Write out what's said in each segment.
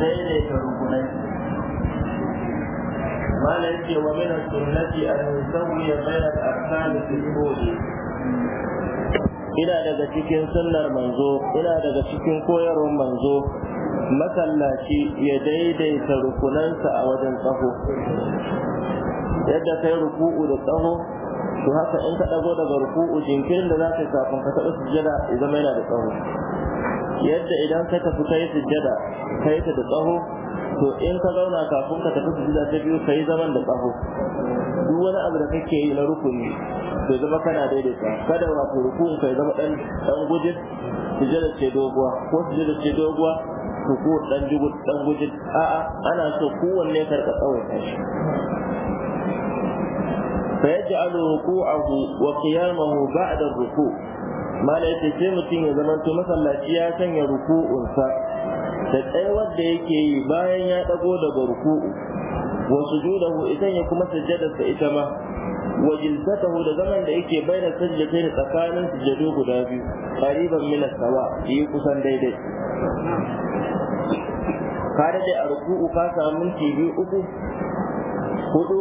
daidaita rukunai mana yake wa mina sunnati an yusawwiya bayna al-arkan fi al-ruhi ina daga cikin sunnar manzo ina daga cikin koyarwar manzo masallaci ya daidaita rukunansa a wajen tsaho yadda kai ruku'u da tsaho to haka in ka dago daga ruku'u jinkirin da za ka yi kafin ka taɓa sujjada ya zama yana da tsaho yadda idan ka tafi kai sujjada kai ta da tsaho to in ka zauna kafin ka tafi sujjada ta biyu kai zaman da tsaho duk wani abu da kake yi na rukuni to zama kana daidaita kada ku rukun kai zama dan dan gudin sujjada ce doguwa ko sujjada ce doguwa to ko dan jugu dan gujin a'a ana so kowanne karka ka shi فيجعل ركوعه وقيامه بعد الركوع mala yace sai mutum ya zama to masallaci ya sanya ruku'unsa da tsayawar da yake yi bayan ya dago daga ruku'u wa sujudahu idan ya kuma sa ita ma wa jilsatahu da zaman da yake bayyana sajjatai da tsakanin sujjado guda biyu qariban min as-sawa yi kusan daidai ka da a ruku'u ka samu minti biyu uku hudu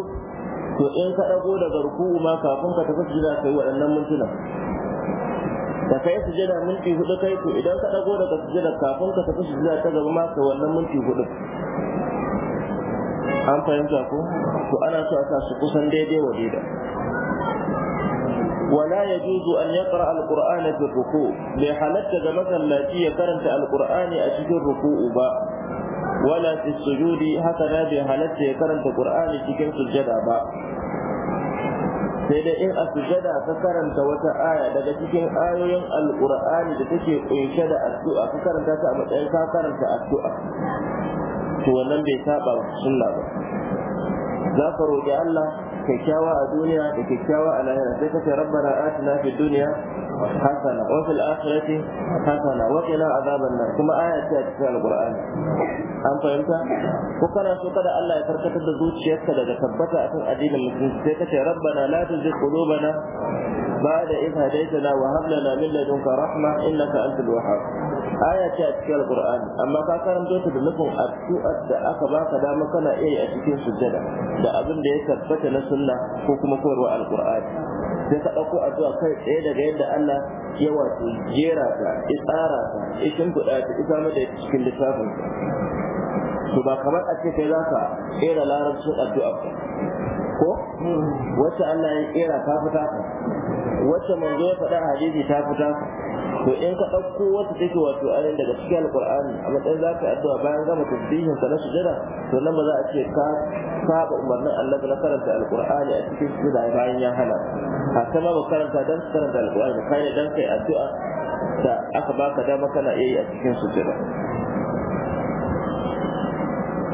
to in ka dago daga ruku'u ma kafin ka tafi sujjada kai waɗannan mintuna da kai sujada minti hudu kai ku idan ka dago daga sujada kafin ka tafi sujada ta gaba ma ka wannan minti hudu an fahimta ko to ana so a sa su kusan daidai wa daida ولا يجوز أن يقرأ القرآن في الركوع لحالة جمك التي يقرأ القرآن أشد الركوع با ولا في السجود هكذا بحالة يقرأ القرآن في كل سجدة با sai dai in a sujada ka karanta wata aya daga cikin ayoyin alƙur'ani da take ƙunshe da addu'a ka karanta ta a matsayin ka karanta addu'a to wannan bai saba sunna ba za ka roƙi Allah kyakkyawa a duniya da kyakkyawa a lahira sai kace rabbana atina fid dunya hasana wa fil akhirati hasana wa qina azaban nar kuma aya ce a cikin alqur'ani an fahimta ko kana so kada Allah ya karkatar da zuciyarka daga tabbata akan addinin musulunci sai kace rabbana la tuzigh qulubana ba'da idh hadaytana wa hab lana min ladunka rahma innaka antal wahhab aya ce a cikin alqur'ani amma ka karanto ta da nufin addu'ar da aka baka dama kana iya a cikin sujjada da abin da ya tabbata na sunna sunna ko kuma koyarwa alqur'ani sai ka dauko addu'a kai tsaye daga yadda Allah ya wato jera ta ya tsara ta ya shimfiɗa ta ya samar cikin littafin to ba kamar a ce kai za ka kera larabcin addu'a ba ko wacce Allah ya kera ta fita wacce manzo ya faɗa hadisi ta fita to in ka dauko wata take wato ainihin daga cikin alƙur'ani a matsayin za ka yi addu'a bayan gama tasbihin sa na sujada to nan ba za a ce ka saba umarnin Allah na karanta alƙur'ani a cikin sujada bayan ya hana a kuma ba karanta dan karanta alqur'ani kai ne dan kai addu'a da aka baka dama kana iya yi a cikin sujada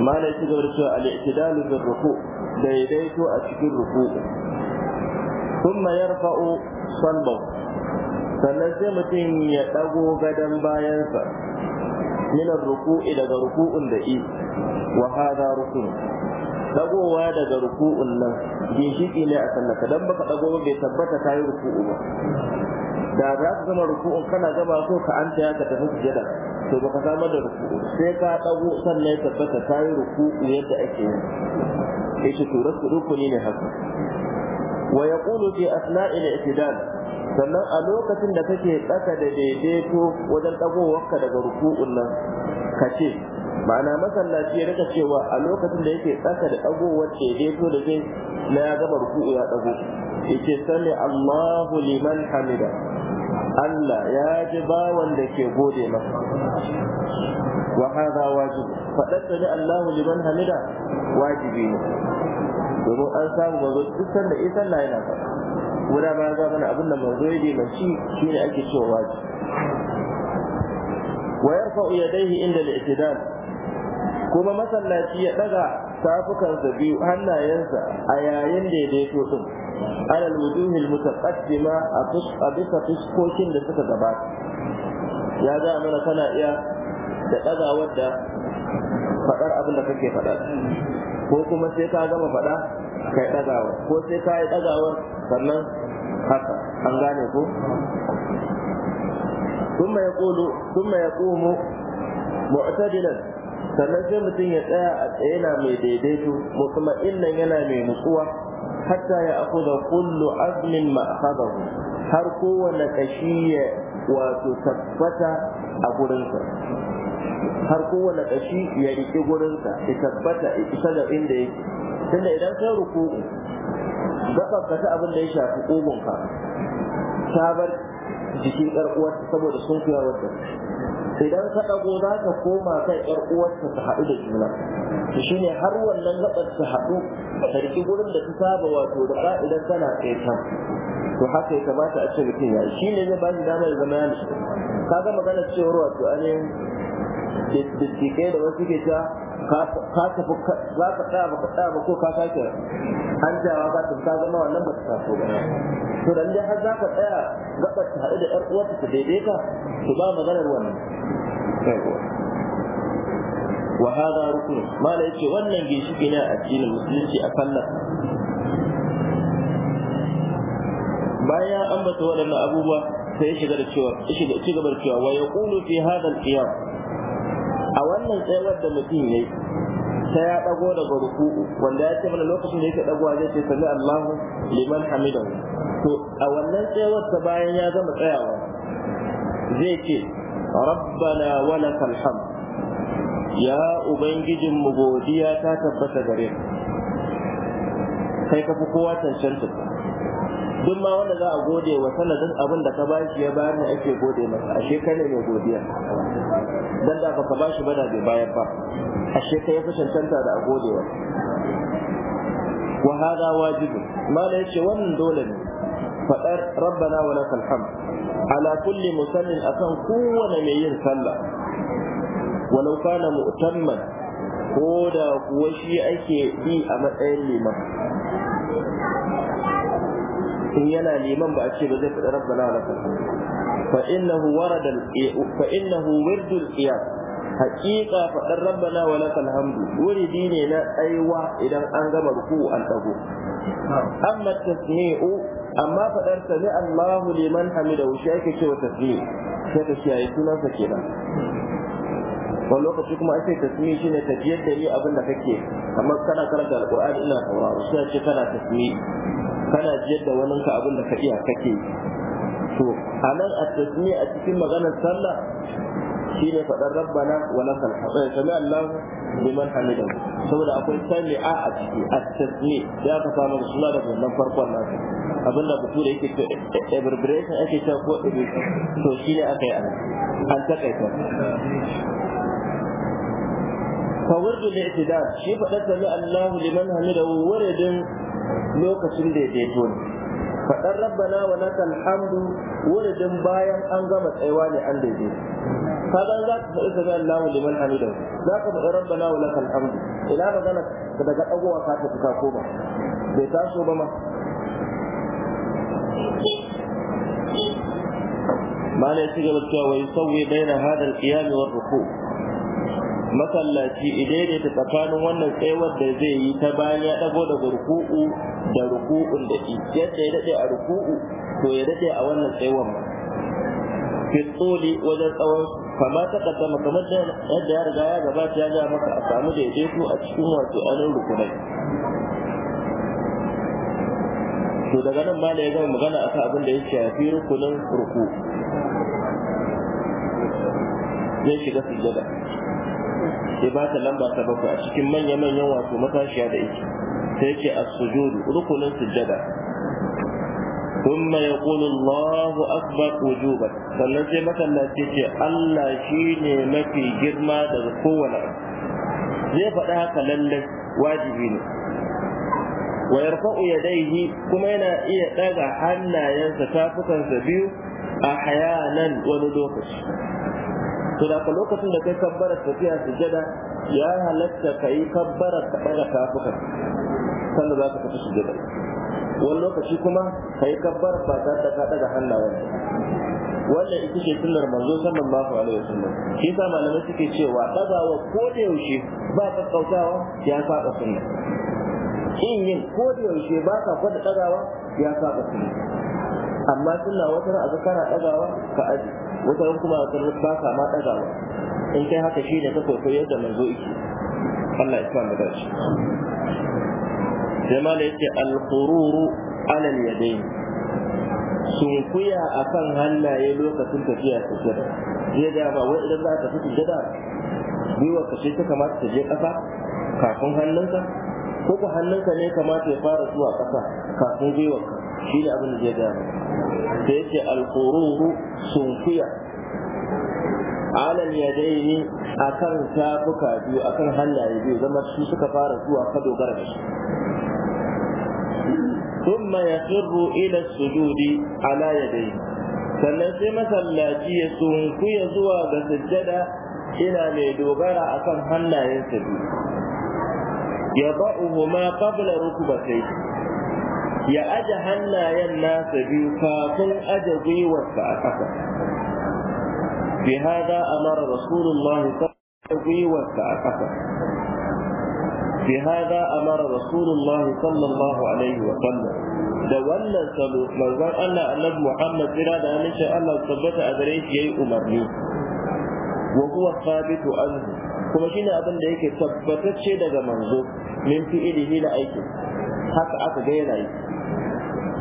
mala shi gaba da cewa al itidal bi ruku daidaito a cikin ruku kuma yarfa'u salbahu sannan sai mutum ya ɗago gadon bayansa minar ruku'i daga ruku'un da i wa hada rukun dagowa daga ruku'un nan ginshiki ne a sallaka dan baka dago bai tabbata ta yi ruku'u ba da za ka gama ruku'un kana gama so ka an ya ka tafi sujada to baka samar da ruku'u sai ka dago sannan ya tabbata ta yi ruku'u yadda ake yi yace to rukuni ne haka wa yaqulu fi asna'i al sannan a lokacin da kake tsaka da daidaito wajen ɗagowarka daga ruku'un nan ka ce ma'ana masallaci ya rika cewa a lokacin da yake tsaka da ɗagowar daidaito da zai na ya gama ruku'u ya ɗago yake sani Allahu liman hamida Allah ya ji bawan da ke gode masa wa hada wajib faɗar ni Allahu liman hamida wajibi ne domin an samu mazo duk sanda isa na yana faɗa Guda ma ba ga mana abin da manzo ya dimanci shine ake cewa wajibi wa yarfa'u yadayhi inda al-i'tidal kuma masallaci ya daga tafukansa biyu hannayensa a yayin daidaito din alal wujuhi al-mutaqaddima a bisa fuskokin da suka gabata ya ga mana kana iya da daga da faɗar abin da kake fada ko kuma sai ka gama faɗa kai ɗagawa ko sai ka yi ɗagawa sannan haka an gane ko ثم يقول ثم يقوم معتدلا sannan sai mutum ya tsaya a na mai daidaito innan yana mai nutsuwa hatta ya akuza kullu azmin ma'akhadahu har kowane kashi ya wato tabbata a gurinsa har ya tabbata isa da inda yake tunda idan kai ruku gaba ka ta abin da ya shafi ƙugun ka ta bar jikin ƴar uwarta saboda sun fiya wadda idan ka ɗago za ka koma kan ƴar uwarta ta haɗu da juna to ne har wannan gaɓar ta haɗu a riki gurin da ta saba wato da idan tana tsaye to haka ya kamata a ce mutum ya shi ne zai ba shi damar zama ya ka ga magana cewar wato ainihin diddikai da wasu ke ta ka tafi za ka tsaya ba ka tsaya ba ko ka sake an jawa ba ta ka zama wannan ba ta taso ba to dan dai har za ka tsaya gabar ta haɗu da ƴar uwarta ta daidai ka to ba maganar wannan wa hada rukun mala yace wannan ginshiki ne a addinin musulunci a sallar bayan ambata waɗannan abubuwa sai ya shiga da cewa ya shiga ci gaba da cewa wa yaqulu fi hadha al-qiyam a wannan tsayawar da mutum ya yi ta ya dago daga ruku'u wanda ya ce mana lokacin da yake dagowa zai ce sami Allahu liman hamidahu to a wannan tsayawar ta bayan ya gama tsayawa zai ce rabbana walakal hamd ya ubangijin mu godiya ta tabbata gare kai ka fi kowa cancanta duk ma wanda za a gode wa sanadin abin da ka bashi ya bayar ne ake gode masa ashe kai ne mai godiya dan da baka shi ba da bai bayar ba ashe kai yafi cancanta da agodewa wa hada wajibi mala yace wannan dole ne fadar rabbana wa lakal hamd ala kulli musallin akan kowane mai yin sallah walau kana mu'tamman ko da kuwa shi ake yi a matsayin liman in yana liman ba a ce ba zai faɗi rabbana wa lakal hamd fa innahu warada fa innahu wirdul qiyas haqiqa fa dan rabbana ne na aiwa idan an gama ruku an dago amma tasmi'u amma fadar sami Allahu liman hamida wuce yake cewa tasmi'u sai ka kiyaye sunansa kenan wani lokaci kuma ake tasmi shine ka ji yadda ni abin da kake kamar kana kana kana abin da ka iya kake a nan a tasmiya a cikin maganar sallah shi ne faɗar rabbana wa lakal hamd eh, sami Allah liman hamidan saboda akwai sami'a a ciki at-tasmi ya ka samu suna da wannan farkon nan abinda bature yake to e-, e-, ebriberation ake cewa ko to shi ne aka yi an takaita فورد الاعتدال شيء فقد سمع الله لمن حمده وردن لوكسن ديديتون faɗar rabbana wa lakal hamdu wuridin bayan an gama tsayuwa ne an daidai ka za ka faɗi sami Allahu liman hamida za ka faɗi rabbana wa lakal hamdu ina ka daga ɗagowa ka fita ko ba bai taso ba ma ما لا يتجب التوى ويسوي بين هذا القيام والركوع masallaci idaidaita tsakanin wannan tsayuwar da zai yi ta bayan ya dago da ruku'u da ruku'un da yadda ya dade a ruku'u to ya dade a wannan tsayuwar ma fitsoli wajen tsawon kama ta kaddama kamar da yadda ya riga ya gabata ya ga maka a samu daidaito a cikin wato anin rukunai to daga nan ma da ya gama magana akan abin da ya shafi rukunin ruku'u? zai shiga sujjada Sai ba ta lamba ta bakwai a cikin manya-manyan wato matashiya da ita sai ce as-sujudu rukunin sujjada ثم يقول الله أكبر وجوبا sannan sai masallaci ce Allah shi ne mafi girma daga kowane zai faɗa haka lallai wajibi ne wa yarfa'u yadayhi kuma yana iya ɗaga hannayensa tafukansa biyu a hayanan wani lokaci to da lokacin da kai kabbara tafiya sujada ya halatta ka yi kabbara ka daga kafuka sannan za ka tafi sujada wani lokaci kuma ka yi kabbara ba tare da ka daga hannawa wannan ita ce sunnar manzo ku alaihi sunna shi sa malamai suke cewa ɗagawa ko da yaushe ba ka kautawa ya saba sunna in yin ko da yaushe ba ka kwada dagawa ya saba sunna amma sunna wata a kana dagawa ka aji wata kuma a ba sa ma ɗagawa in kai haka shi ne ta kwaikwa yadda zo iki Allah ya samu jama'a da yake yace alal ya ala Sun kuya a kan hannaye lokacin tafiya sujada zai da ba wai idan za ka tafi sujada gwiwar ka ce ta kamata ta je ƙasa kafin hannunka ko ko hannunka ne kamata ya fara zuwa ƙasa kafin gwiwar ka shi ne abin da zai gaya mana sai yace alqururu sunkuya alal a akan tafuka biyu akan hannaye biyu zama su suka fara zuwa ka dogara da shi ثم su إلى السجود ya يديه sannan sai masallaci ya fiya zuwa ga sujjada ina mai dogara akan hannayensa biyu ya ba'uhu ma qabla rukubatai ya aje hannayen nasa biyu kafin aje gwiwarsa a ƙasa bi hada amara rasulullahi gwiwarsa a ƙasa bi hada amara rasulullahi sallallahu alaihi wa sallam da wannan salo manzon Allah annabi Muhammad jira da annabi Allah tabbata a gare shi yi umarni wa huwa sabitu anhu kuma shine abin da yake tabbatacce daga manzo min fi'ilihi la aiki haka aka ga yana yi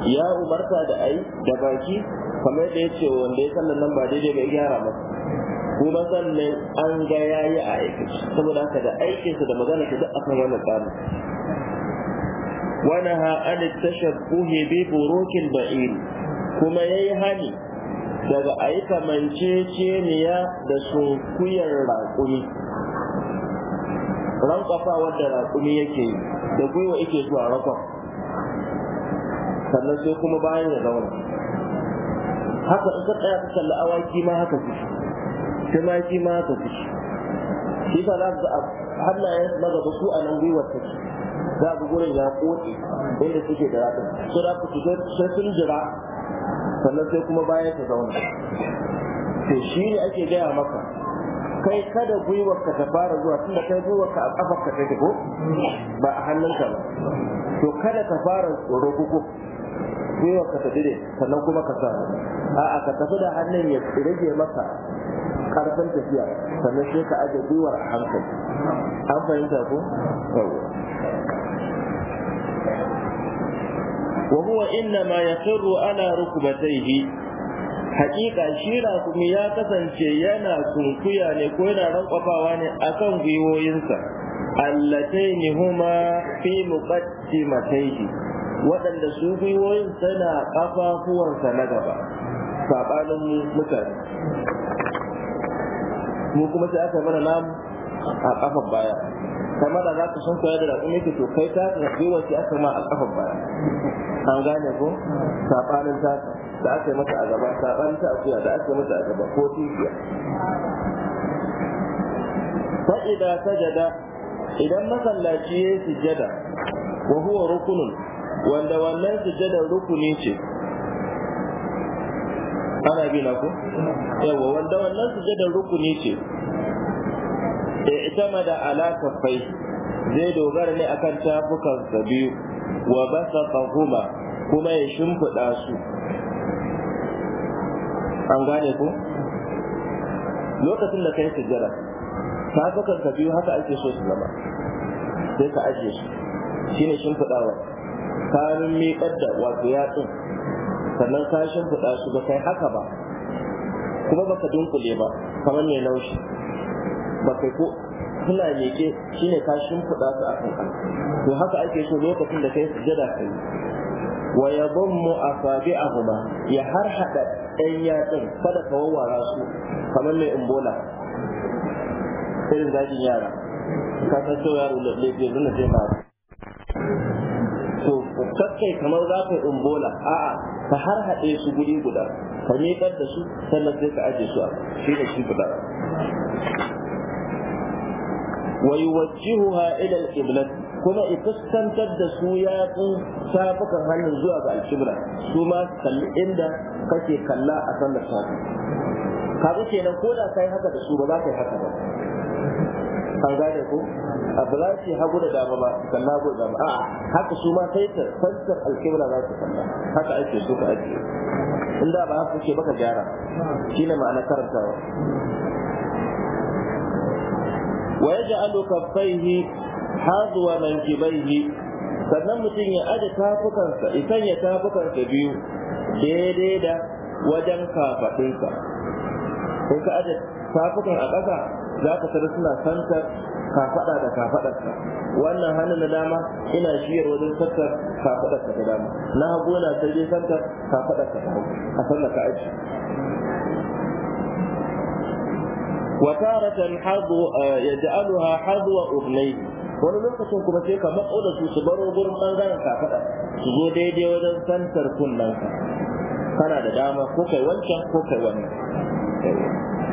ya umarta da ai da baki kamar da ya ce wanda ya sallan nan ba daidai ba gyara masa kuma sannan an ga yayi a aikace saboda haka da aikinsa da magana ta duk akan wannan tsari ونهى burokin ba'in kuma ya yi hani daga a yi kamanceceniya da sunkuyar raƙumi ranƙafa wadda raƙumi yake yi da gwiwa yake zuwa rakon sannan sai kuma bayan ya zauna haka in ka tsaya ka kalli awaki ma haka suke tumaki ma haka suke shi ka za ka hannayen maza gaba su a nan gwiwar ta ce za ka gurin ya kote inda suke da ratun su da ku sai sun jira sannan sai kuma bayan ta zauna to shi ne ake gaya maka kai kada gwiwar ka ta fara zuwa da kai gwiwar ka a kafar ka ta ko ba a hannunka ba to kada ka fara rukuku gwiwar ka tafi dire sannan kuma ka sa a'a ka tafi da hannun ya rage maka karfin tafiya sannan sai ka aje gwiwar a hankali an fahimta ko wa huwa ma yasirru ala rukbatayhi hakika shi rakumi ya kasance yana sunkuya ne ko yana rankwafawa ne akan gwiwoyinsa allatayni huma fi muqaddimatayhi waɗanda su gwiwoyin tana ƙafafuwansa na gaba saɓanin mutane mu kuma sai aka mana namu a ƙafan baya kamar da za ka san koyar da raƙon yake to kai ta ka gwiwar sai aka ma a ƙafan baya an gane ko saɓanin ta da aka yi mata a gaba saɓanin ta akuya da aka yi mata a gaba ko fa fa'ida sajada idan masallaci ya sujada wa huwa rukunun wanda wannan sujadar rukuni ce ana bi na ku yawa wanda wannan sujadar rukuni ce da e, ita ma da fai zai dogara ne akan tafukan sa biyu wa basa huma kuma ya shimfiɗa su an gane ku lokacin da kai sujada tafukan ka biyu haka ake so su zama sai ka ajiye su shine shimfiɗawa tsakanin miƙar da wato yatsun sannan kashin fuda su ba kai haka ba kuma baka dunkule ba kamar mai laushi ba kai ko suna miƙe shine kashin fuda su a kan to haka ake so lokacin da kai sujada kai wa ya a a huma ya har haɗa ɗan yatsun kada ka wawwara su kamar mai umbola irin zagin yara ka san cewa yaro lalle zai zuna sai kakkai kamar za ka yi umbola a'a ka har haɗe su guri guda ka miƙar da su sannan sai ka ajiye su a shi da shi guda wa yuwajjihuha ila al-qiblah kuma ikuskantar da su ya yatsun safukan hannun zuwa ga al-qibla su ma kalli inda kake kalla a sallar safi kaga kenan ko da kai haka da su ba za ka yi haka ba an gane ko a ba za su hagu da dama ba sannan hagu da dama a haka su ma sai ta fassar alkibla za su kalla haka ake so ka ake in da ba haka ke baka gyara shi ne ma'ana karantawa wa yaj'alu kaffaihi hadwa kibaihi sannan mutum ya aje tafukansa ya ya tafukansa biyu daidai da wajen kafaɗinsa in ka aje tafukan a ƙasa za ka tara suna santar kafada da kafadarka wannan hannun na dama ina shiyar wajen sassar kafadarka da dama na hagu na dai sassar kafadarka da hagu a ka aji ya حظو hadu wa أذنيه eh, wani lokacin kuma sai ka matso da su su baro gurin bangaren kafaɗa su zo daidai wajen santar kunnanka kana da dama ko kai wancan ko kai wannan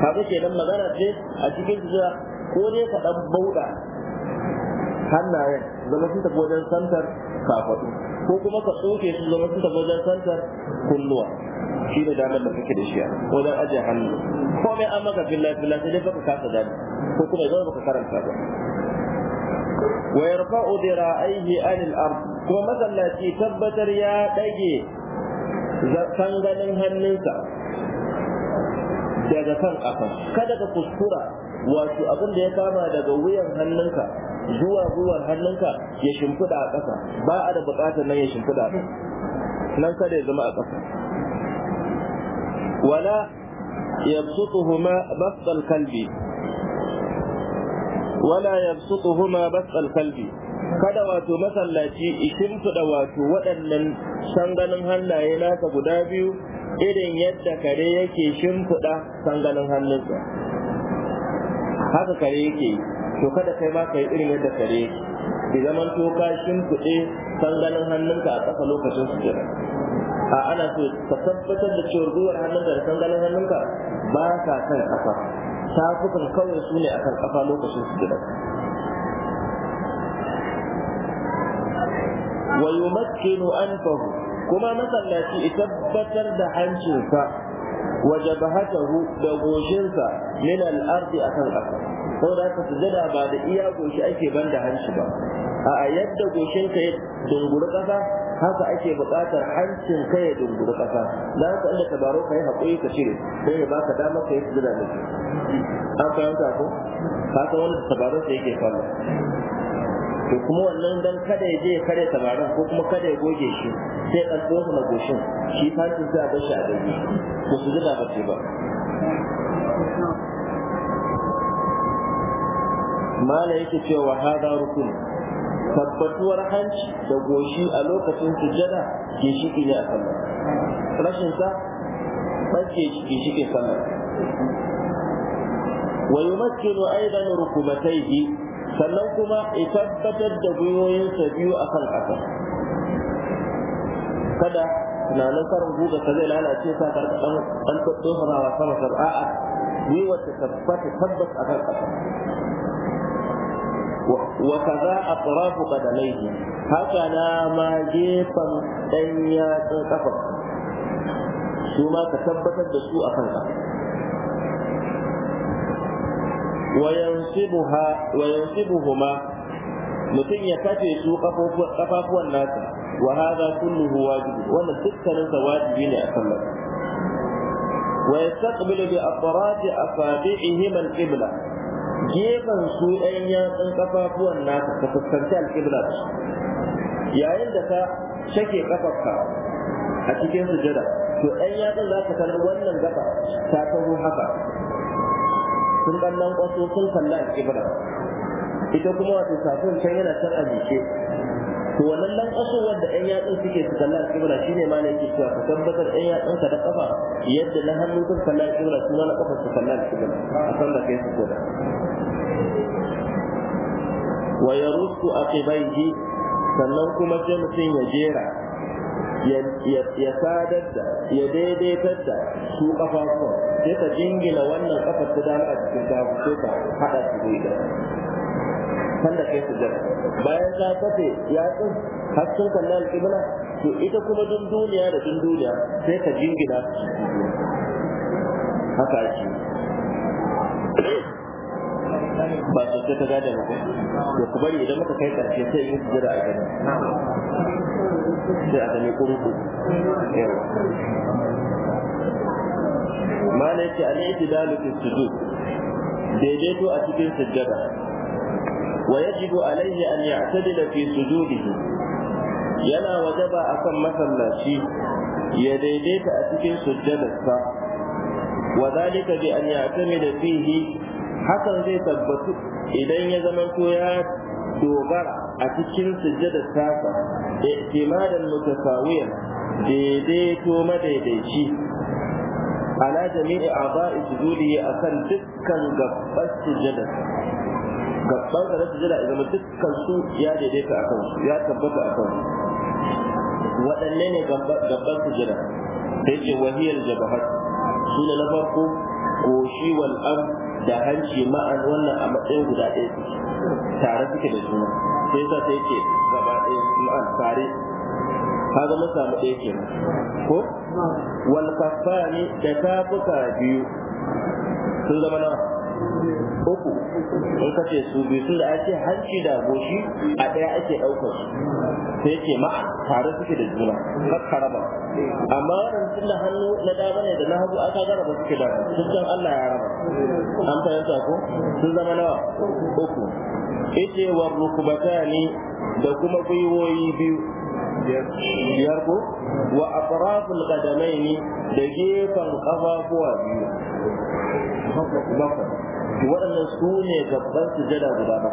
kaga kenan magana ce a cikin zuwa ko dai ka dan bauda hannayen zama sun tafi wajen santar kafaɗu ko kuma ka tsoke su zama sun tafi wajen santar kulluwa, shi ne damar da kake da shi wajen ajiye hannu ko mai an maka filla filla sai dai baka kasa dani ko kuma zama baka karanta ba wa yarfa'u dira'aihi anil ard kuma masallaci tabbatar ya dage ganin hannunsa daga kan kafa kada ka kuskura wato abin da ya kama daga wuyan hannunka zuwa gwiwar hannunka ya shimfiɗa a ƙasa ba a da buƙatar nan ya shimfiɗa a ƙasa nan kada ya zama a ƙasa wala yabsutuhuma basal kalbi wala yabsutuhuma basal kalbi kada wato masallaci shimfiɗa wato waɗannan sanganin hannaye nasa guda biyu irin yadda kare yake shimfiɗa sanganin hannunsa haka kare yake to kada kai ma kai irin yadda kare yake ki zaman to ka shimfiɗe ganin hannunka a ƙasa lokacin sujjada a ana so ka tabbatar da cewa gwiwar hannunka da ganin hannunka ba ka kan ƙasa tafukan kawai su ne akan ƙafa lokacin sujjada wa yumakkinu anfahu kuma masallaci tabbatar da hancinsa وجبهته دغوشنسا من الأرض أكن أكن saboda haka sujada ba da iya goshi ake ban da hanci ba a yadda goshin ka ya dunguri kasa haka ake buƙatar hancin ka ya dunguri kasa da haka inda tabaro ka yi haƙuri ka cire sai ya baka damar ka yi da an fahimta ko ka san wanda tabaron yake kwallo to kuma wannan dan kada ya je ya kare samarin ko kuma kada ya goge shi sai dan dosa na goshin shi fatin sai a bar shi a gari ko su zuba ba ce ba mala yake cewa hada rukun tabbatuwar hanci da goshi a lokacin sujjada ke shi ne a sallah rashin sa shi ke shiki sallah wa yumakkinu aidan rukubataihi sannan kuma ya tabbatar da gwiwoyinsa biyu a kan ƙasa kada tunanin karin guga ka zai lalace sa ka ɗan ɗan tsoharawa sama sama a'a gwiwar ta tabbata tabbas a kan ƙasa wa kaza atrafu qadalaihi haka na ma gefen ɗan yatsun ƙafa su ma ka tabbatar da su a kan ƙasa wa yansibuhuma mutum ya kafe su kafafuwan nasa wa hadha kulluhu wajib wannan dukkanin sa wajibi ne a sallar wa yastaqbilu bi afrati asabi'ihim al-qibla gefen su ɗan yatsun kafafuwan nasa ta fuskanci al-qibla yayin da ka shake kafarka a cikin sujada to ɗan yatsun za ka kalli wannan gaba ta taho haka sun dan kwaso sun kalla a kibra ita kuma wato safin can yana can a jike to wannan nan kwaso wanda ɗan yatsun suke su kalla a kibra shine ma ne yake cewa ka tabbatar ɗan yatsun ka da kafa yadda na hannu sun kalla a kibra su na kafa su kalla a kibra a san da kai su koda wa yarussu aqibaihi sannan kuma sai mutum ya jera ya sadar da ya daidaitar da su kafafuwa sai ka jingina wannan kafar su dama a cikin kafa sai ka haɗa su da sanda kai su jira bayan ta kafe ya tsin har sun kalla alƙibla to ita kuma dunduniya da dunduniya sai ka jingina haka shi ba su ta gada ba to ku bari idan muka kai karshe sai in su jira a gani sai a gani kurku yawa mana yace an yi tidalu su sujud daidaito a cikin sujjada wa yajibu alaihi an ya'tadila fi sujudihi yana wajaba akan masallaci ya daidaita a cikin sujjadarsa wa zalika bi an ya'tamida fihi hakan zai tabbatu idan ya zama to ya dogara a cikin sujjada tasa da timadan mutasawiya daidaito madaidaici ala jami'i a'da'i sujudi akan dukkan gabbar sujjada gabbar da sujjada ya zama dukkan su ya daidaita akan su ya tabbata akan su waɗanne ne gabbar sujjada sai ce wahiyar jabahat su na farko goshi wal am da hanci ma'an wannan a matsayin guda ɗaya tare suke da juna sai sa sai ce gaba ɗaya ma'an tare ka zama samu ɗaya ke ko wal ne da tafuka biyu sun zama nawa uku in ka ce su biyu sun da ake hanci da goshi a ɗaya ake ɗaukar su sai ke ma tare suke da juna kakkara ba amma wannan tunda hannu na dama ne da na hagu aka gara ba suke da dukkan Allah ya raba an fahimta ko sun zama nawa uku ite wa rukubatani da kuma gwiwoyi biyu biyar ko wa atraful qadamaini da gefen kafafuwa biyu bakwai waɗannan su ne gabban sujada guda ba?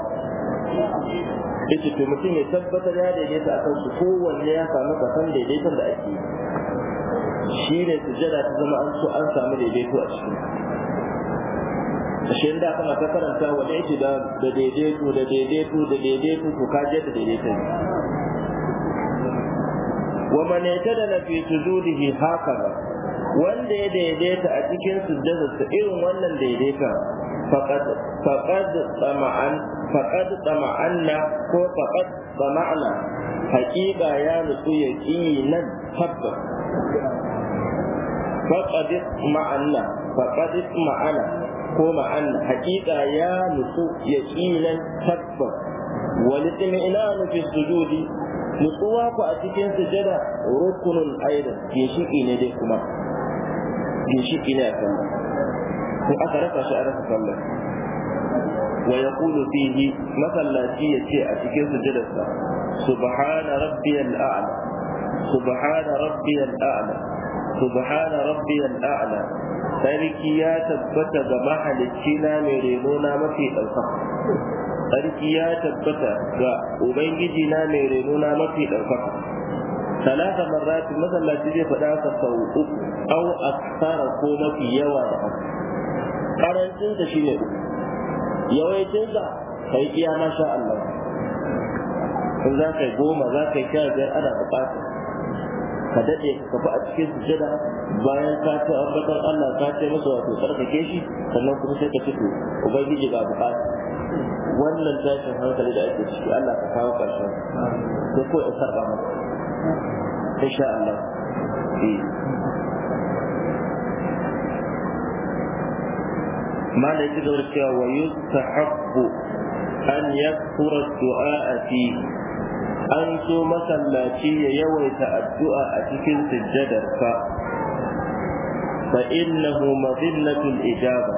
yake to mutum ya tabbatar ya daidaita a kansu, kowanne ya samu kasan daidaiton da ake yi shi ne jada ta zama an so an samu daidaito a cikin ashe da kana ta karanta wa yake da da daidaito da daidaito da daidaito ko ka je da daidaito wa man yatadala fi sujudihi hakala wanda ya daidaita a cikin sujjadarsa irin wannan daidaita فقد فقد طمعن فقد طمعن ko faqad طمعنا حقيقة يا نسو يقينا حقا فقد طمعنا فقد طمعنا ma'ana haƙiƙa ya nutsu ya ƙilan tabbas wani tsimina nufin sujudi nutsuwa ku a cikin sujada rukunin aida ginshiƙi ne dai kuma ko aka rasa shi a rasa sallar wa yaqulu fihi masallaci yace a cikin sujudarsa subhana rabbiyal a'la subhana rabbiyal a'la subhana rabbiyal a'la sarki ya tabbata ga mahalicci na mai reno na mafi ɗaukaka sarki ya tabbata ga ubangiji na mai reno na mafi ɗaukaka ثلاث مرات مثلا تجي فداك أو أكثر karancin shi ne yawaitin ka kai iya masha Allah in za ka goma za ka yi sha biyar ana bukata ka daɗe ka kafa a cikin sujada bayan ka ce ambatar Allah ka ce masa wato tsarkake shi sannan kuma sai ka fito ubangiji ga bukata wannan tashin hankali da ake ciki Allah ka kawo karshen ko ko isar ba mu insha Allah eh. ما لا يتدرك ويستحق أن يكثر الدعاء فيه an so masallaci ya yawaita addu'a a cikin sujjadarsa fa innahu madillatul ijaba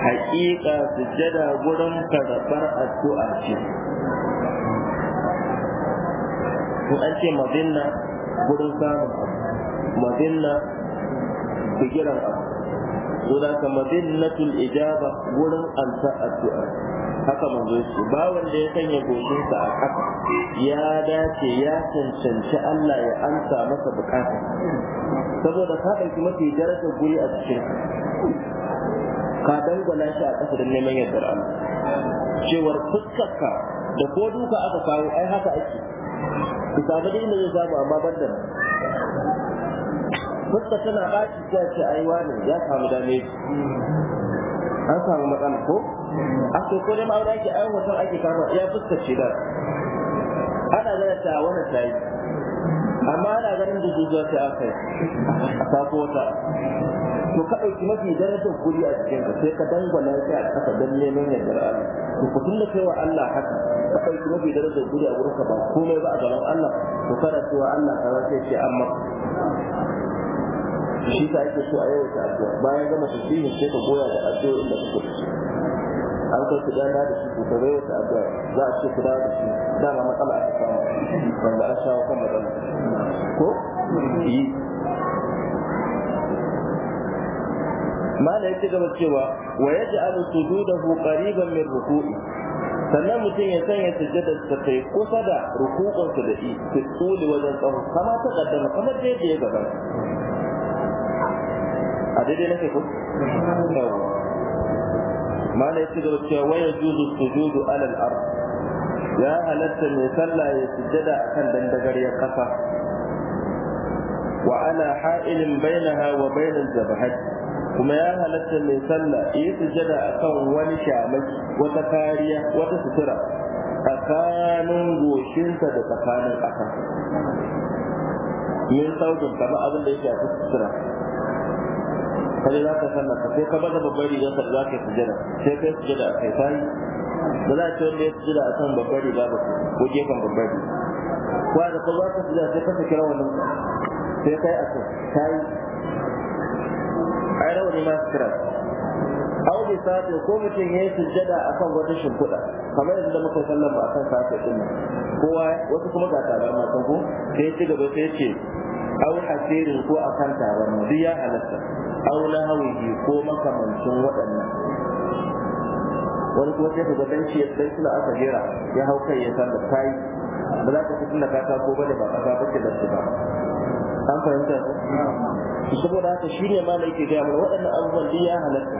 haƙiƙa sujjada gurin karɓar addu'a ce in an ce madilla gurin ko da ka madillatul ijaba gurin ansa addu'a haka manzo yace ba wanda ya sanya goshin sa a ƙasa ya dace ya cancanci Allah ya amsa masa bukata saboda ka ɗauki mafi darajar guri a cikin ka dangwala shi a ƙasa don neman yardar Allah cewar fuskarka da ko duka aka kawo ai haka ake ku samu dai inda zai samu amma ban da fuska tana baki ta ce ai wani ya samu dame an samu matsala ko a ce ko dai ma wani ake ayyukan hoton ake kama ya fuska ce da ana gana ta wani ta yi amma ana ganin da zuwa ta aka kai. a sako wata to ka ɗauki mafi darajar guri a cikin ka sai ka dangwala shi a tsaka don neman da Allah to ku tunda cewa Allah haka ka ɗauki mafi darajar guri a gurin ka ba komai ba a gaban Allah to kada cewa Allah ka za sai ce amma shi ta ake so a yau ta abuwa bayan gama fi sai ka goya da inda da suka fice an kai su dana da shi ku zai ta abuwa za a ce ku dawo da shi dama matsala aka kasa wanda an shawo kan matsala ko yi mala yake gaba cewa wa yaj'alu sujudahu qariban min ruku'i sannan mutum ya sanya sujjada ta kai kusa da ruku'un da shi su tsuli wajen tsawo kama ta kaddama kamar da ya gaba a daidai nake ko mana yace da cewa waya juzu su ala alal ard ya halatta mai sallah ya sujjada akan dandagariyar kasa wa ala ha'ilin bainaha wa bainal zabahat kuma ya halatta mai sallah ya sujjada akan wani shamaki wata kariya wata sutura tsakanin goshinsa da tsakanin ƙasa min sautin kama abin da yake a sutura kaje za ka sallah ka sai ka bada babbar rigar ka za ka yi sujada sai kai sujada a kai sai ba za a ce wanda ya sujada a kan babbar riga ba ko gefen babbar riga da ka za ka sujada sai ka saki rawanin sai kai a kai A ai rawani ma kira. au bi sati ko mutum ya yi sujada a kan wata shimfiɗa kamar yanzu da muka sallan ba a kan sati ɗin nan kowa wasu kuma ga tabarma kan ko sai ya ci gaba sai ya ce au hasirin ko a kan tabarma duk ya halatta aw lahawihi ko makamancin waɗannan wani kuma sai ka ga dan shi ya sai suna aka jera ya hau kai ya san da kai ba za ka fitin da kaka ko bane ba kaka bace da su ba an fahimta su saboda haka shi ne ma da yake gaya mana waɗannan abubuwan duk ya halatta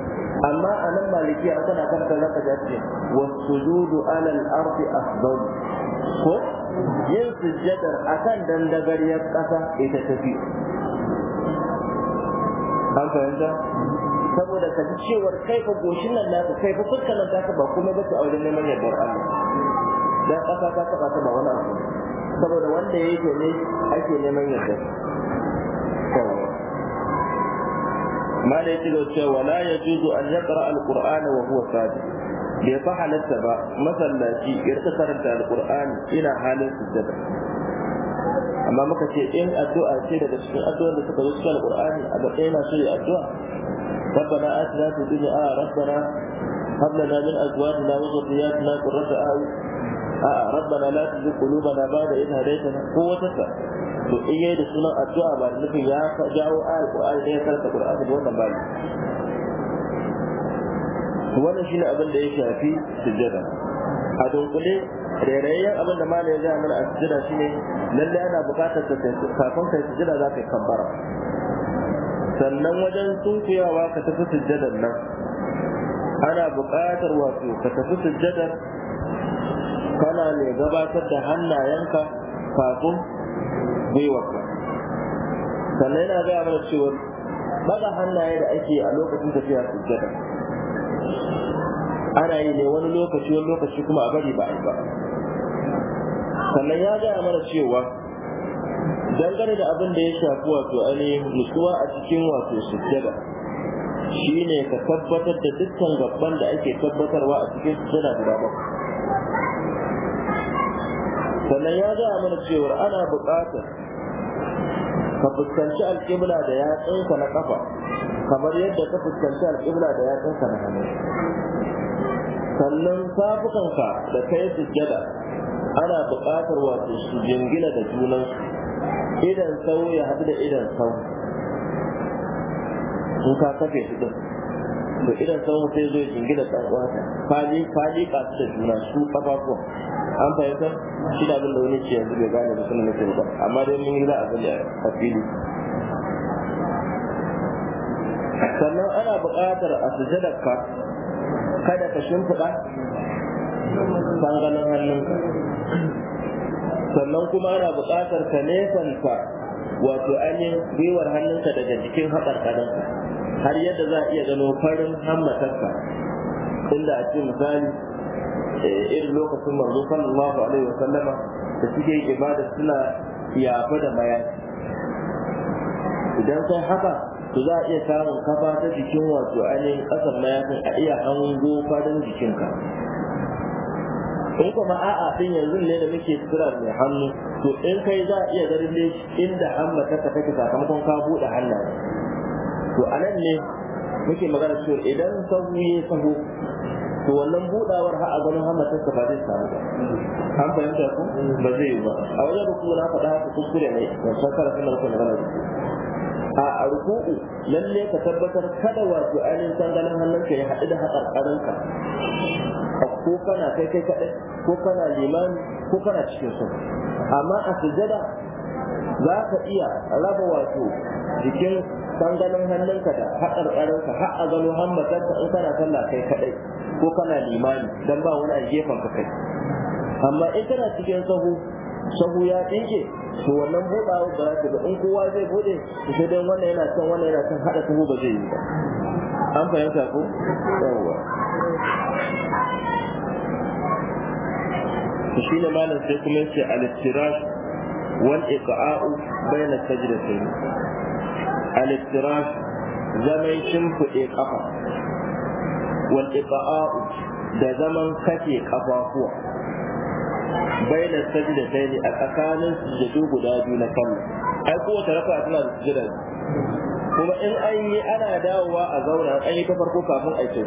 amma a nan malikiya a tana karanta za ka jace wasu judu alal arfi afdal ko yin sujjadar akan dandagariyar ƙasa ita tafi an fahimta saboda ka ji cewar kai fa goshin nan naka kai fa fuskar nan taka ba komai ba ta aure neman yardar Allah dan ƙasa ta taɓa ta ba wani abu saboda wanda ya yake ne ake neman yardar ma da yake da cewa la yajuzu an yaqra al-qur'ana wa huwa bai fa ba masallaci ya karanta al ina amma muka ce in addu'a ce daga cikin addu'ar da suka zo cikin alqur'ani a matsayin na so yi addu'a ربنا آتنا في الدنيا آه ربنا هب لنا من أزواجنا وذرياتنا قرة أعين آه ربنا لا تزغ قلوبنا بعد إذ هديتنا قوة to in yayi da sunan addu'a ba nufin ya jawo ayar Qur'ani ne ya karanta Qur'ani da wannan bai wannan shine abin da ya shafi sujjada a dunkule rairayen abin da malaya zai mana a shi ne lalle ana buƙatar ka kafin kai sujada za ka yi kambara sannan wajen sunkuyawa ka tafi sujjadar nan ana buƙatar wato ka tafi sujjadar kana ne gabatar da hannayenka kafin gwiwarka sannan yana gaya mana cewa baga hannaye da ake a lokacin tafiya sujjada ana yi ne wani lokaci wani lokaci kuma a bari ba a ba sannan ya gaya mana cewa dangane da abin da ya shafi wato ainihin nutsuwa a cikin wato sujjada shine ka tabbatar da dukkan gabban da ake tabbatarwa a cikin sujjada guda bakwai sannan ya gaya mana cewar ana buƙatar ka fuskanci alƙibla da yatsunka na ƙafa kamar yadda ka fuskanci alƙibla da yatsunka na hannu sannan safukanka da kai su sujjada ana buƙatar wato su jingina da junan idan sau ya haɗu da idan sau in ka kafe su ɗin to idan sau sai zo jingina da wata faji faji ka su da juna su ƙafafuwa an fahimta shi da abin da wani ce yanzu bai gane da suna mutum ba amma dai mun yi za a gani a fili sannan ana buƙatar a ka. kada ka shimfiɗa bangaren hannunka sannan kuma ana buƙatar ka nesanta wato ainihin gwiwar hannunka daga jikin haɓar kadanka har yadda za a iya gano farin hammatarka inda a ce misali eh, irin lokacin manzo sallallahu alaihi wa sallama da suke ibada suna yafa da mayafi idan sai haka to za a iya samun kafa ta jikin wato ainihin ƙasar mayafin a iya hango don jikinka in kuma a'a din yanzu ne da muke tsira mai hannu to in kai za a iya ganin ne inda hamma ta take sakamakon ka buɗe hannu. to anan ne muke magana cewa idan sahu ya sahu to wannan budawar har a ganin ta ba zai samu ba an fahimta ku ba zai yi ba a wajen ruku na faɗa haka kuskure ne da shakara suna magana da mana a ruku'u lalle ka tabbatar kada wato ainihin hannun hannunka ya haɗu da haƙarƙarinka ko kana kai kai kaɗai ko kana limani ko kana cikin su amma a sujada za ka iya raba wato jikin hannun hannunka da haƙarƙarinka har a gano hambatarka in kana sallah kai kaɗai ko kana limani don ba wani a gefen ka kai amma in kana cikin sahu sahu ya tsinke to wannan buɗawa ba za ta ga in kowa zai buɗe to sai dan wannan yana son wannan yana son haɗa sahu ba zai yi ba an fahimta ko yawwa to shine malam sai kuma yace al-istirash wal iqa'u bayna sajdatayn al-istirash zaman shimfiɗe kafa wal iqa'u da zaman kake kafafuwa بين السجدتين tayni a tsakanin دون guda biyu na sallah ai kowace raka'a tana da sujjada kuma in an yi ana dawowa a zauna an yi ta farko kafin a yi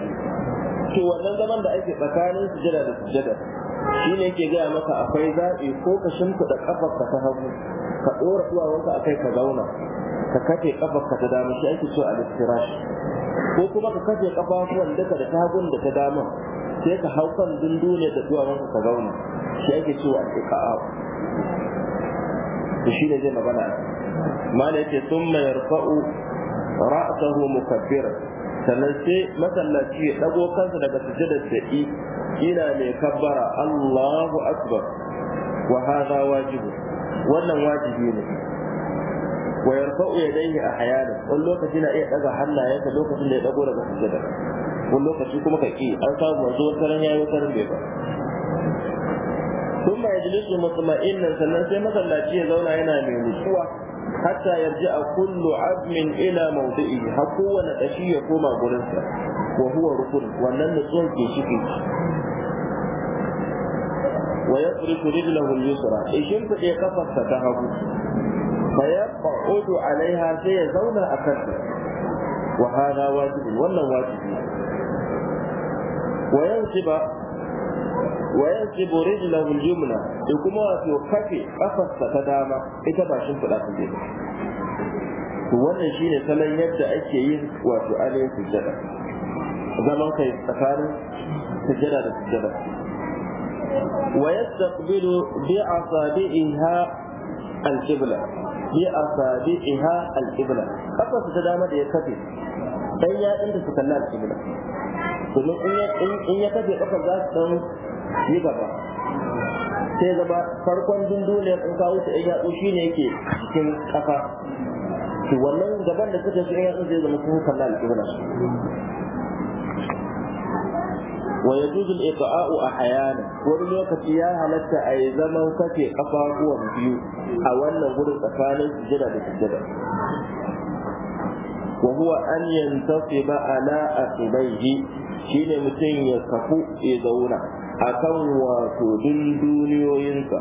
to wannan zaman da ake tsakanin sujjada da shi shine yake gaya maka akwai zaɓi ko ka shimfiɗa ƙafarka ta hagu ka ɗora duwawanka a kai ka zauna ka kafe ƙafarka ta dama shi ake a al ko kuma ka kafe ƙafafuwan duka da ta hagun da ta dama sai ka hau kan dundu ne da duwawanka ka zauna shi ake cewa al-iqab to shi ne zai magana mala yace thumma yarfa'u ra'sahu mukabbira sannan sai masallaci ya dago kansa daga sujada sai ina mai kabbara Allahu akbar wa hadha wajibu wannan wajibi ne wa yarfa'u yadayhi ahyana wani lokaci na iya daga hannayensa lokacin da ya dago daga sujada wani lokaci kuma ka ki an samu manzo wataran yayi wataran bai ba ثم يجلس مطمئنا sannan sai masallaci ya zauna yana mai nutsuwa hatta a kullu azmin ila mawdi'i har kowane ƙashi ya koma gurinsa wa huwa rukun wannan nutsuwar ke shi ke wa yafriku rijlahu al-yusra ishin fide kafarsa ta hagu fa yaq'udu alaiha sai ya zauna a akan wa hada wajibi wannan wajibi وينصب وينصب رجله اليمنى يقوم واتو كفي قفص تداما إتبع شنف الأقل wannan shine salon yadda ake yin wato ainihin sujjada zaman kai tsakanin sujjada da sujjada wa yastaqbilu bi asabiha al-qibla bi asabiha al-qibla kafa ta dama da ya kafe dan ya inda su domin in ya kafe kafar za su dan yi gaba sai zama farkon dunduliyar in kawo ta yan shi ne yake cikin kafa to wannan gaban da suka shi yan yatsu zai zama sun kalla alƙibla wa yajuzu al-iqa'u ahyana wani lokaci ya halatta a yi zaman kafe kafafuwan biyu a wannan gudun tsakanin sujada da sujada وهو أن ينتصب على أخبيه Shi ne mutum ya kafu ya zauna a kan wato dunduniyoyinsa duniyoyinsa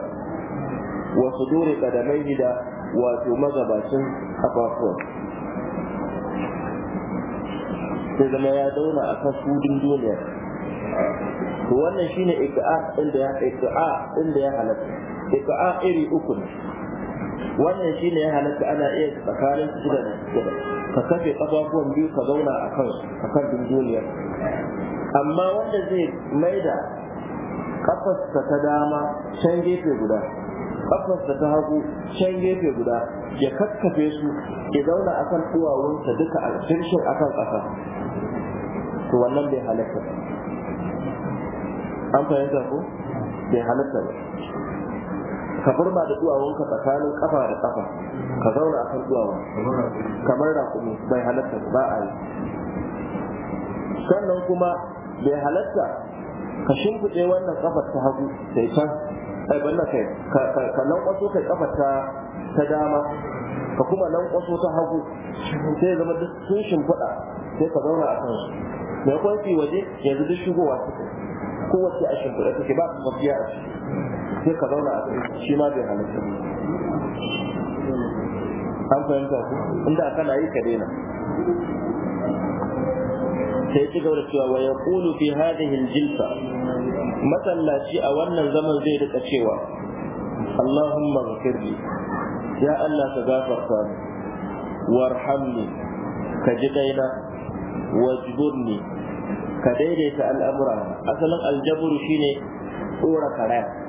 wasu dore kadamai da wato magabacin kafafuwan sai zama ya zauna a kan su dunduniyar to wannan shine ika'a inda ya ika'a inda ya halatta ika'a iri uku ne wannan shine ya halatta ana iya tsakanin su da su ka kafe kafafuwan biyu ka zauna a kan a kan dunduniyar amma wanda zai maida kafarsa ta dama can gefe guda kafarsa ta hagu can gefe guda ya kakkafe su ya zauna akan duwawunsa duka a cikin akan ƙasa to wannan bai halatta an fahimta ko bai halatta ba ka burba da duwawunka tsakanin kafa da kafa ka zauna a kan duwawun kamar kuma bai halatta ba a yi sannan kuma bai halatta ka shimfiɗe wannan kafar ta hagu sai can ai banna kai ka lankwaso kai kafa ta dama ka kuma lankwaso ta hagu sai zama duk sun shimfiɗa sai ka zauna a kansu mai kwanci waje yanzu duk shigowa suke kowace a shimfiɗa suke ba su mafiya a sai ka zauna a kai shi ma bai halatta ba an fahimta ku inda aka na yi ka daina sai ci gaba da cewa wa yaqulu fi hadhihi al masallaci a wannan zaman zai rika cewa Allahumma ghfirli ya Allah ka gafarta ni warhamni ka ji kaina wajburni ka daidaita al'amura asalin aljabru shine tsora karaya